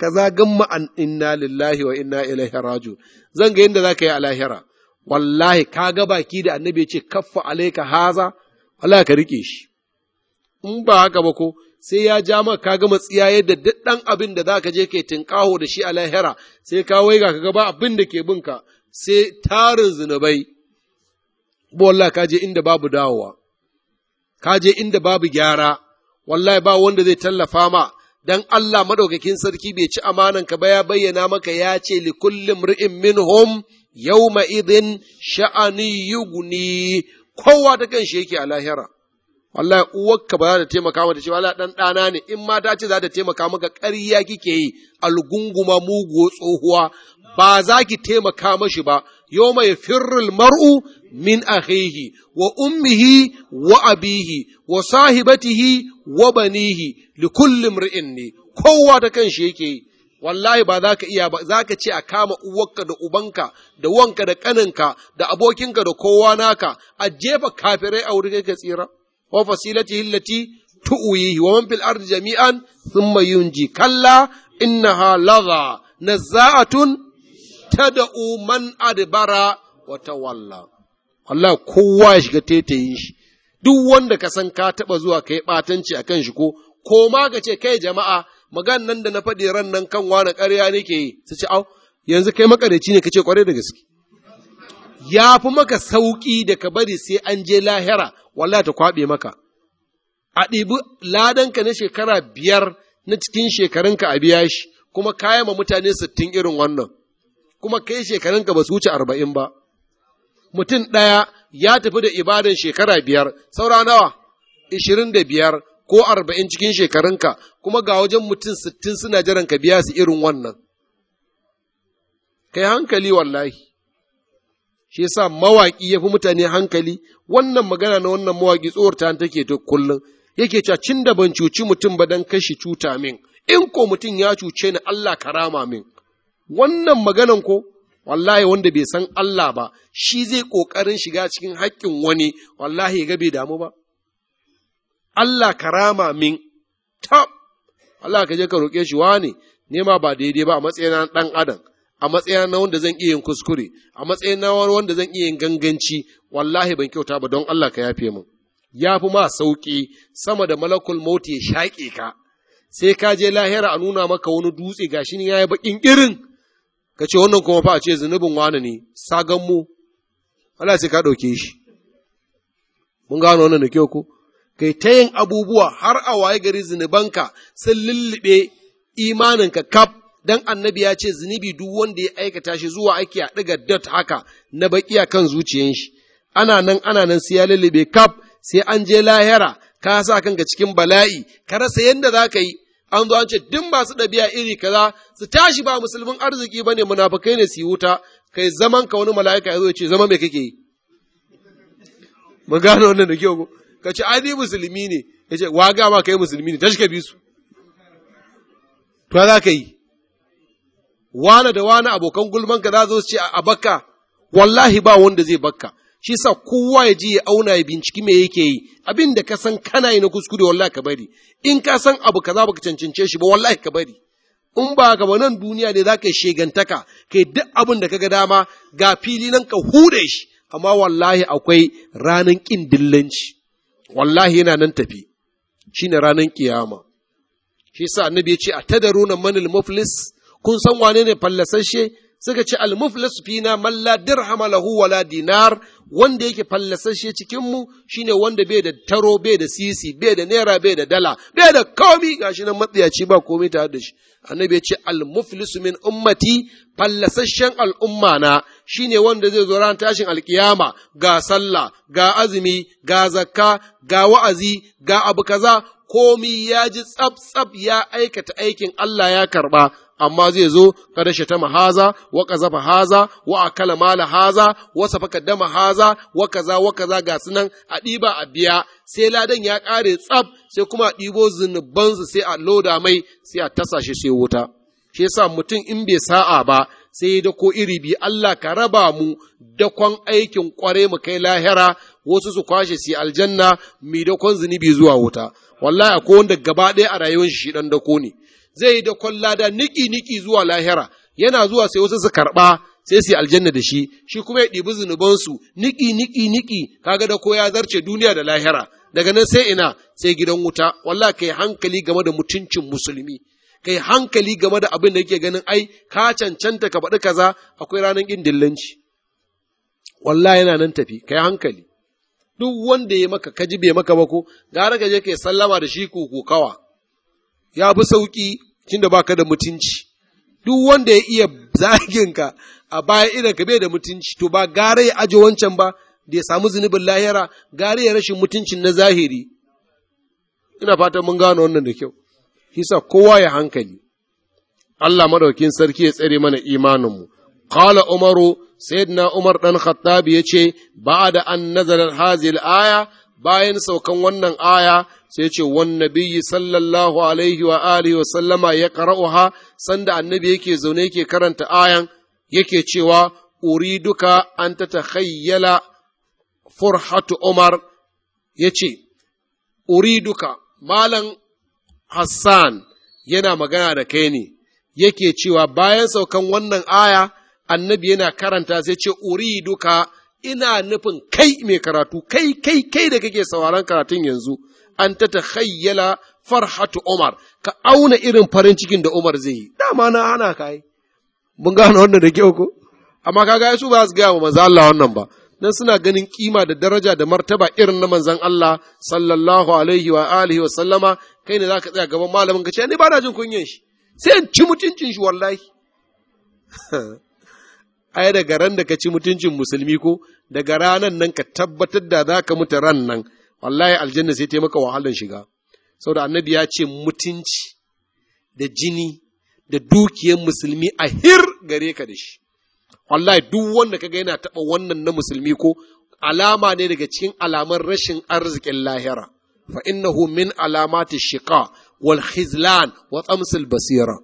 ka zagan ma an inna lillahi wa inna ilaihi raji'un zan ga yadda za ka yi a lahira wallahi ka ga baki da annabi ya ce kaffa alaika haza wala ka rike shi in ba haka ba ko sai ya ja maka gama tsiya yadda duk ɗan abin da za ka je ke tinƙaho da shi a lahira sai ka waiga ka gaba abin da ke ka sai tarin zunubai wallahi ka je inda babu dawowa ka je inda babu gyara wallahi ba wanda zai tallafa ma dan Allah madaukakin sarki bai ci amanan ka ba ya bayyana maka ya ce li kullim ri'in minhum yawma idin sha'ani yugni kowa ta kan shi yake a lahira wallahi uwarka ba za ta taimaka mata ce wallahi dan ɗana ne in ma ta ce za ta taimaka maka ƙarya kike yi algunguma muguwa tsohuwa ba za ki taimaka mashi ba yau mai firrul mar'u min akhihi wa ummihi wa abihi wa sahibatihi wa banihi li kulli mar'in ne kowa da kanshi yake yi wallahi ba za ka iya ba za ka ce a kama uwarka da ubanka da wanka da kaninka da abokinka da kowa naka a jefa kafirai a wurin ka tsira wa fasilatihi allati tu'wihi wa man fil ardi jami'an thumma yunji kalla innaha ladha nazza'atun tad'u man adbara wa tawalla Allah kowa ya shiga tetayin shi duk wanda ka san ka taba zuwa kai batanci akan shi ko ko ma ka ce kai jama'a magan nan da na faɗi ran nan kan wani ƙarya ke, yi su ci au yanzu kai makareci ne kace kwarai da gaske ya fi maka sauƙi da ka bari sai an je lahira wallah ta kwaɓe maka a ɗibi ladanka na shekara biyar na cikin shekarunka a biya shi kuma kaya ma mutane sittin irin wannan kuma kai shekarunka ba su wuce arba'in ba mutum ɗaya ya tafi da ibadan shekara biyar saura nawa ishirin da biyar ko arba'in cikin shekarunka kuma ga wajen mutum sittin suna jiran ka biya su irin wannan kai hankali wallahi shi yasa mawaƙi ya fi mutane hankali wannan magana na wannan mawaƙi ta take duk kullum yake cewa cin da ban cuci mutum ba dan kashi cuta min in ko mutum ya cuce ni Allah karama min wannan maganan ko wallahi wanda bai san Allah ba shi zai ƙoƙarin shiga cikin haƙƙin wani wallahi ga bai damu ba Allah karama min ta Allah ka je ka roƙe shi wani nema ba daidai ba a matsayin dan adam a matsayin na wanda zan iya yin kuskure a matsayin na wanda zan iya yin ganganci wallahi ban kyauta ba don Allah ka yafe min ya fi ma sauƙi sama da malakul mauti ya shaƙe ka sai ka je lahira a nuna maka wani dutse gashi ne yayi bakin irin ka ce wannan kuma fa a ce zunubin wani ne sagan mu Allah sai ka ɗauke shi mun gano wannan da kyau ko kai ta yin abubuwa har a waye gari zunubanka sun lullube ka kaf dan annabi ya ce zunubi duk wanda ya aikata shi zuwa ake a ɗiga dot haka na baki a kan zuciyan shi ana nan ana nan sai ya lalube kaf sai an je lahira ka sa kanka cikin bala'i ka rasa yadda za ka yi an zo an ce duk masu ɗabi'a iri kaza su tashi ba musulmin arziki ba ne munafukai ne su yi wuta kai zaman ka wani mala'ika ya zo ya ce zama mai kake yi mun gano wannan da kyau ka ce ai ni musulmi ne ya ce wa ga ma kai musulmi ne tashi ka bi su to za ka yi wane da wane abokan gulman ka za zo ce a bakka wallahi ba wanda zai bakka shi sa kowa ya je ya auna ya binciki me yake yi abin da ka san kana yi na kuskure wallahi ka bari in ka san abu kaza baka cancance shi ba wallahi ka bari in ba ka ba nan duniya ne zaka yi shegantaka kai duk abin da kaga dama ga fili nan ka hude shi amma wallahi akwai ranan kin dillanci wallahi yana nan tafi shine ranan kiyama shi sa annabi ya ce a tadaruna manil muflis kun san wane ne fallasashe suka ce almuflis fina man la dirhama lahu wala dinar wanda yake fallasashe cikin mu shine wanda bai da taro bai da sisi bai da naira bai da dala bai da komi gashi nan matsiyaci ba komai tare da shi annabi ya ce almuflis min ummati fallasasshen al'umma na shine wanda zai zo ran tashin alkiyama ga sallah ga azumi ga zakka ga wa'azi ga abu kaza komi ya ji tsab tsab ya aikata aikin Allah ya karba amma zai zo kada ta haza wa kazafa haza wa akala mala haza wa safa dama haza wa kaza wa kaza ga sunan a ɗiba a biya sai ladan ya ƙare tsaf sai kuma a ɗibo zunubansu sai a loda mai sai a tasa shi sai wuta shi yasa mutum in bai sa'a ba sai da ko iri biyu Allah ka raba mu dakon aikin kware mu kai lahira wasu su kwashe su aljanna mai dakon zunubi zuwa wuta wallahi akwai wanda gaba ɗaya a rayuwar shi dan dako ne zai yi da kwallada niki-niki zuwa lahira yana zuwa sai wasu su karɓa sai su aljanna da shi shi kuma ya ɗibi zunubansu niki-niki-niki kaga da ko ya zarce duniya da lahira daga nan sai ina sai gidan wuta wallah kai hankali game da mutuncin musulmi kai hankali game da abin da yake ganin ai ka cancanta ka faɗi kaza akwai ranar ƙin dillanci wallah yana nan tafi kai hankali duk wanda ya maka kaji bai maka ba ko gara ka je kai sallama da shi ko kokawa ya fi sauƙi tunda baka da mutunci duk wanda ya iya zaginka a baya idan ka bai da mutunci to ba gara ya aje wancan ba da ya samu zunubin lahira gara ya rashin mutuncin na zahiri ina fatan mun gano wannan da kyau hisa kowa ya hankali Allah madaukin sarki ya tsare mana imaninmu qala umaru sayyidina umar dan khattabi yace ba'da an nazalat hazil aya bayan saukan wannan aya sai ce wannabi, sallallahu alaihi wa alihi wa sallama ya qara'uha sanda annabi yake zaune yake karanta ayan yake cewa uriduka an tatakhayyala furhatu umar yace uriduka malam hassan yana magana da kai ne yake cewa bayan saukan wannan aya annabi yana karanta sai ce uriduka ina nufin kai mai karatu kai kai kai da kake sauraron karatun yanzu an ta takhayyala farhatu Umar, ka auna irin farin cikin da Umar zai yi, dama na hana ka yi, mun gano wannan da kyau ko? Amma ka gaya su ba su gaya wa manzo Allah wannan ba, don suna ganin kima da daraja da martaba irin na manzan Allah sallallahu alaihi wa alihi wa sallama kai ne za ka tsaya gaban malamin ka ce ni ba na jin kunyan shi, sai in ci mutuncin shi wallahi. Ai daga ran da ka ci mutuncin musulmi ko daga ranan nan ka tabbatar da za ka mutu ran nan. wallahi aljanna sai ta maka wahalar shiga saboda annabi ya ce mutunci da jini da dukiyar musulmi a hir gare ka da shi wallahi duk wanda kaga yana taɓa wannan na musulmi ko alama ne daga cikin alamar rashin arzikin lahira fa innahu min alamati shiqa wal khizlan wa tsamsil basira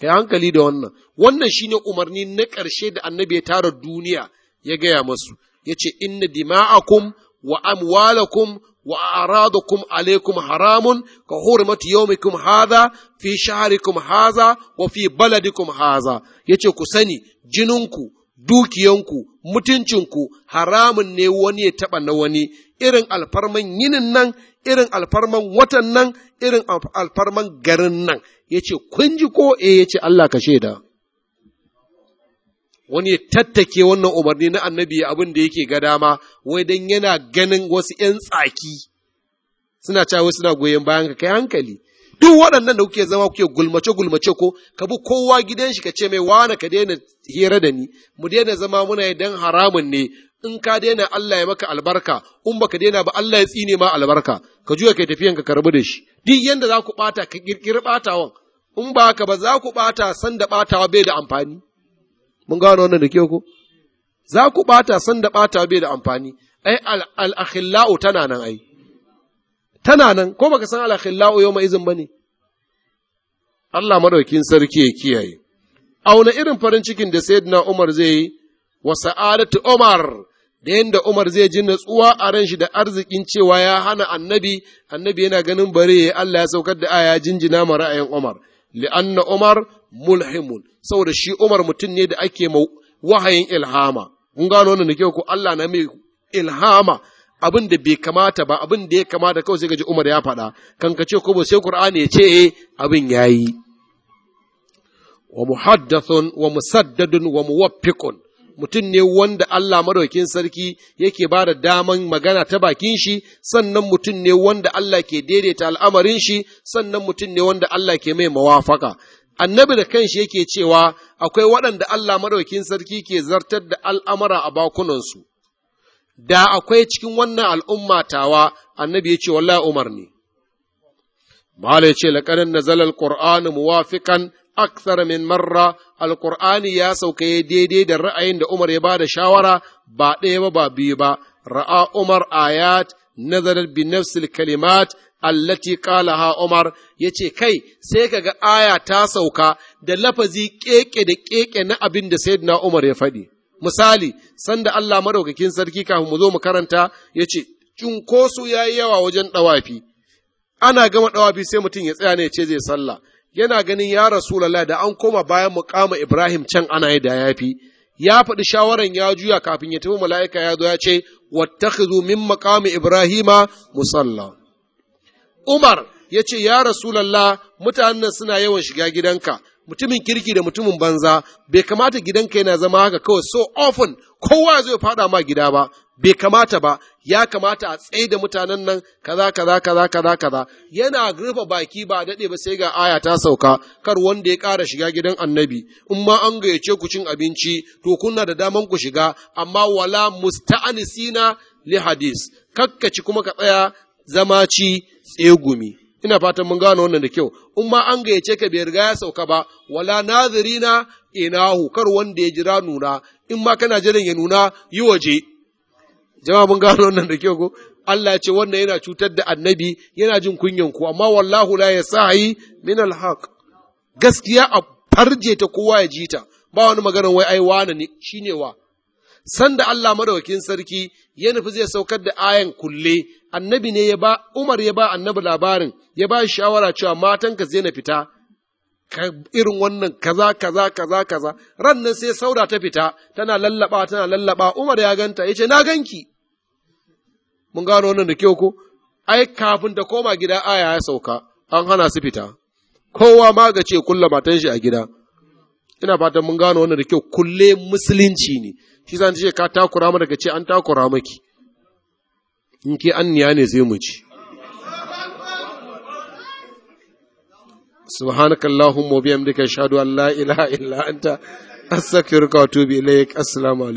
kai hankali da wannan wannan shine umarni na ƙarshe da annabi ya tara duniya ya gaya masu yace inna dima'akum wa amwalakum wa aradukum alaikum haramun ka hurmati yawmikum hadha fi shahrikum hadha wa fi baladikum hadha yace ku sani jininku dukiyanku mutuncinku haramun ne wani ya taɓa na wani irin alfarman yinin nan irin alfarman watan nan irin alfarman garin nan yace ce kun ji ko eh yace ce Allah ka shaida wani ya tattake wannan umarni na annabi abin da yake ga dama wai dan yana ganin wasu ‘yan tsaki suna cewa suna goyon bayan ka kai hankali duk waɗannan da kuke zama kuke gulmace gulmace ko ka bi kowa gidan shi ka ce mai wane ka daina hira da ni mu daina zama muna yi dan haramun ne in ka daina Allah ya maka albarka in baka daina ba Allah ya tsine ma albarka ka juya kai tafiyan ka karbi da shi duk yanda za ku bata ka kirkiri ɓatawan, in ba ka ba za ku bata sanda ɓatawa bai da amfani mun gano wannan da ke ku za ku bata san da ɓata bai da amfani ai al'akhillau tana nan ai tana nan ko baka san al'akhillau yau mai izin bane Allah madaukin sarki ya kiyaye auna irin farin cikin da sayyidina Umar zai yi wa sa'adatu Umar da yanda Umar zai ji natsuwa a ran shi da arzikin cewa ya hana annabi, annabi yana ganin bare ya Allah ya saukar da aya jinjina ma ra'ayin Umar. Li'anna Umar mulhimun saboda shi Umar mutum ne da ake ma wahayin ilhama Mun gano wannan da ko Allah na mai ilhama abin da bai kamata ba abin da ya kamata kawai sai gaji Umar ya faɗa kan ka ce ko ba sai Qur'ani ya ce eh abin yayi wa muhaddathun wa musaddadun wa muwaffiqun mutum ne wanda Allah madaukin sarki yake ba da daman magana ta bakin shi sannan mutum ne wanda Allah ke daidaita al'amarin shi sannan mutum ne wanda Allah ke mai mawafaka annabi da kanshi yake cewa akwai waɗanda Allah maɗaukin sarki ke zartar da al'amara a bakunansu, da akwai cikin wannan al'umma tawa annabi ya ce wallahi Umar ne. Mahala ya ce laƙanin na zalal Ƙur'ani muwafikan aksar min marra alƙur'ani ya sauka ya daidai da ra'ayin da Umar ya ba da shawara ba ɗaya ba ba biyu ba ra'a Umar ayat nazarar bi nafsil kalimat allati qalaha Umar yace kai sai kaga aya ta sauka da lafazi keke da keke na abin da na Umar ya faɗi misali sanda Allah madaukakin sarki kafin mu zo mu karanta yace cunkoso yayi yawa wajen dawafi ana gama dawafi sai mutum ya tsaya ne ya ce zai sallah yana ganin ya lalai da an koma bayan muqama Ibrahim can ana yi da yafi ya faɗi shawaran ya juya kafin ya tafi mala'ika ya zo ya ce wattakhidhu min maqami Ibrahima musalla Umar ya ce, Ya Rasulallah, mutanen suna yawan shiga gidanka, mutumin kirki da mutumin banza, bai kamata gidanka yana zama haka kawai so often kowa zai fada ma gida ba, bai kamata ba, ya kamata a tsaye da mutanen nan kaza kaza kaza kaza kaza yana rufe baki ba daɗe ba sai ga aya ta sauka kar wanda ya ƙara shiga gidan annabi in ma an gayyace ku cin abinci to kuna da daman ku shiga amma wala musta'anisina li hadis kakkaci kuma ka tsaya zama ci tsegumi ina fatan mun gane wannan da kyau in ma an gayyace ka bai riga ya sauka ba wala nazirina inahu kar wanda ya jira nuna in ma kana jiran ya nuna yi waje jama'a mun gane wannan da kyau ko Allah ce wannan yana cutar da annabi yana jin kunyan ku amma wallahu la yi min alhaq gaskiya a farje ta kowa ya ji ta ba wani maganar wai ai wani ne shine wa sanda Allah madaukakin sarki ya nufi zai saukar da ayan kulle annabi ne ya ba Umar ya ba annabi labarin ya ba shawara cewa matanka zai na fita ka irin wannan kaza kaza kaza kaza ran sai saura ta fita tana lallaba tana lallaba Umar ya ganta yace na ganki mun gano wannan da kyau ko ai kafin ta koma gida aya ya sauka an hana su fita kowa ma ga ce kulla matan shi a gida ina fatan mun gano wannan da kyau kulle musulunci ne shi za ce ka takura mu daga ce an takura maki in ke an ne zai mu ci subhanaka allahumma wa bihamdika ashhadu an la ilaha illa anta astaghfiruka wa atubu ilayk assalamu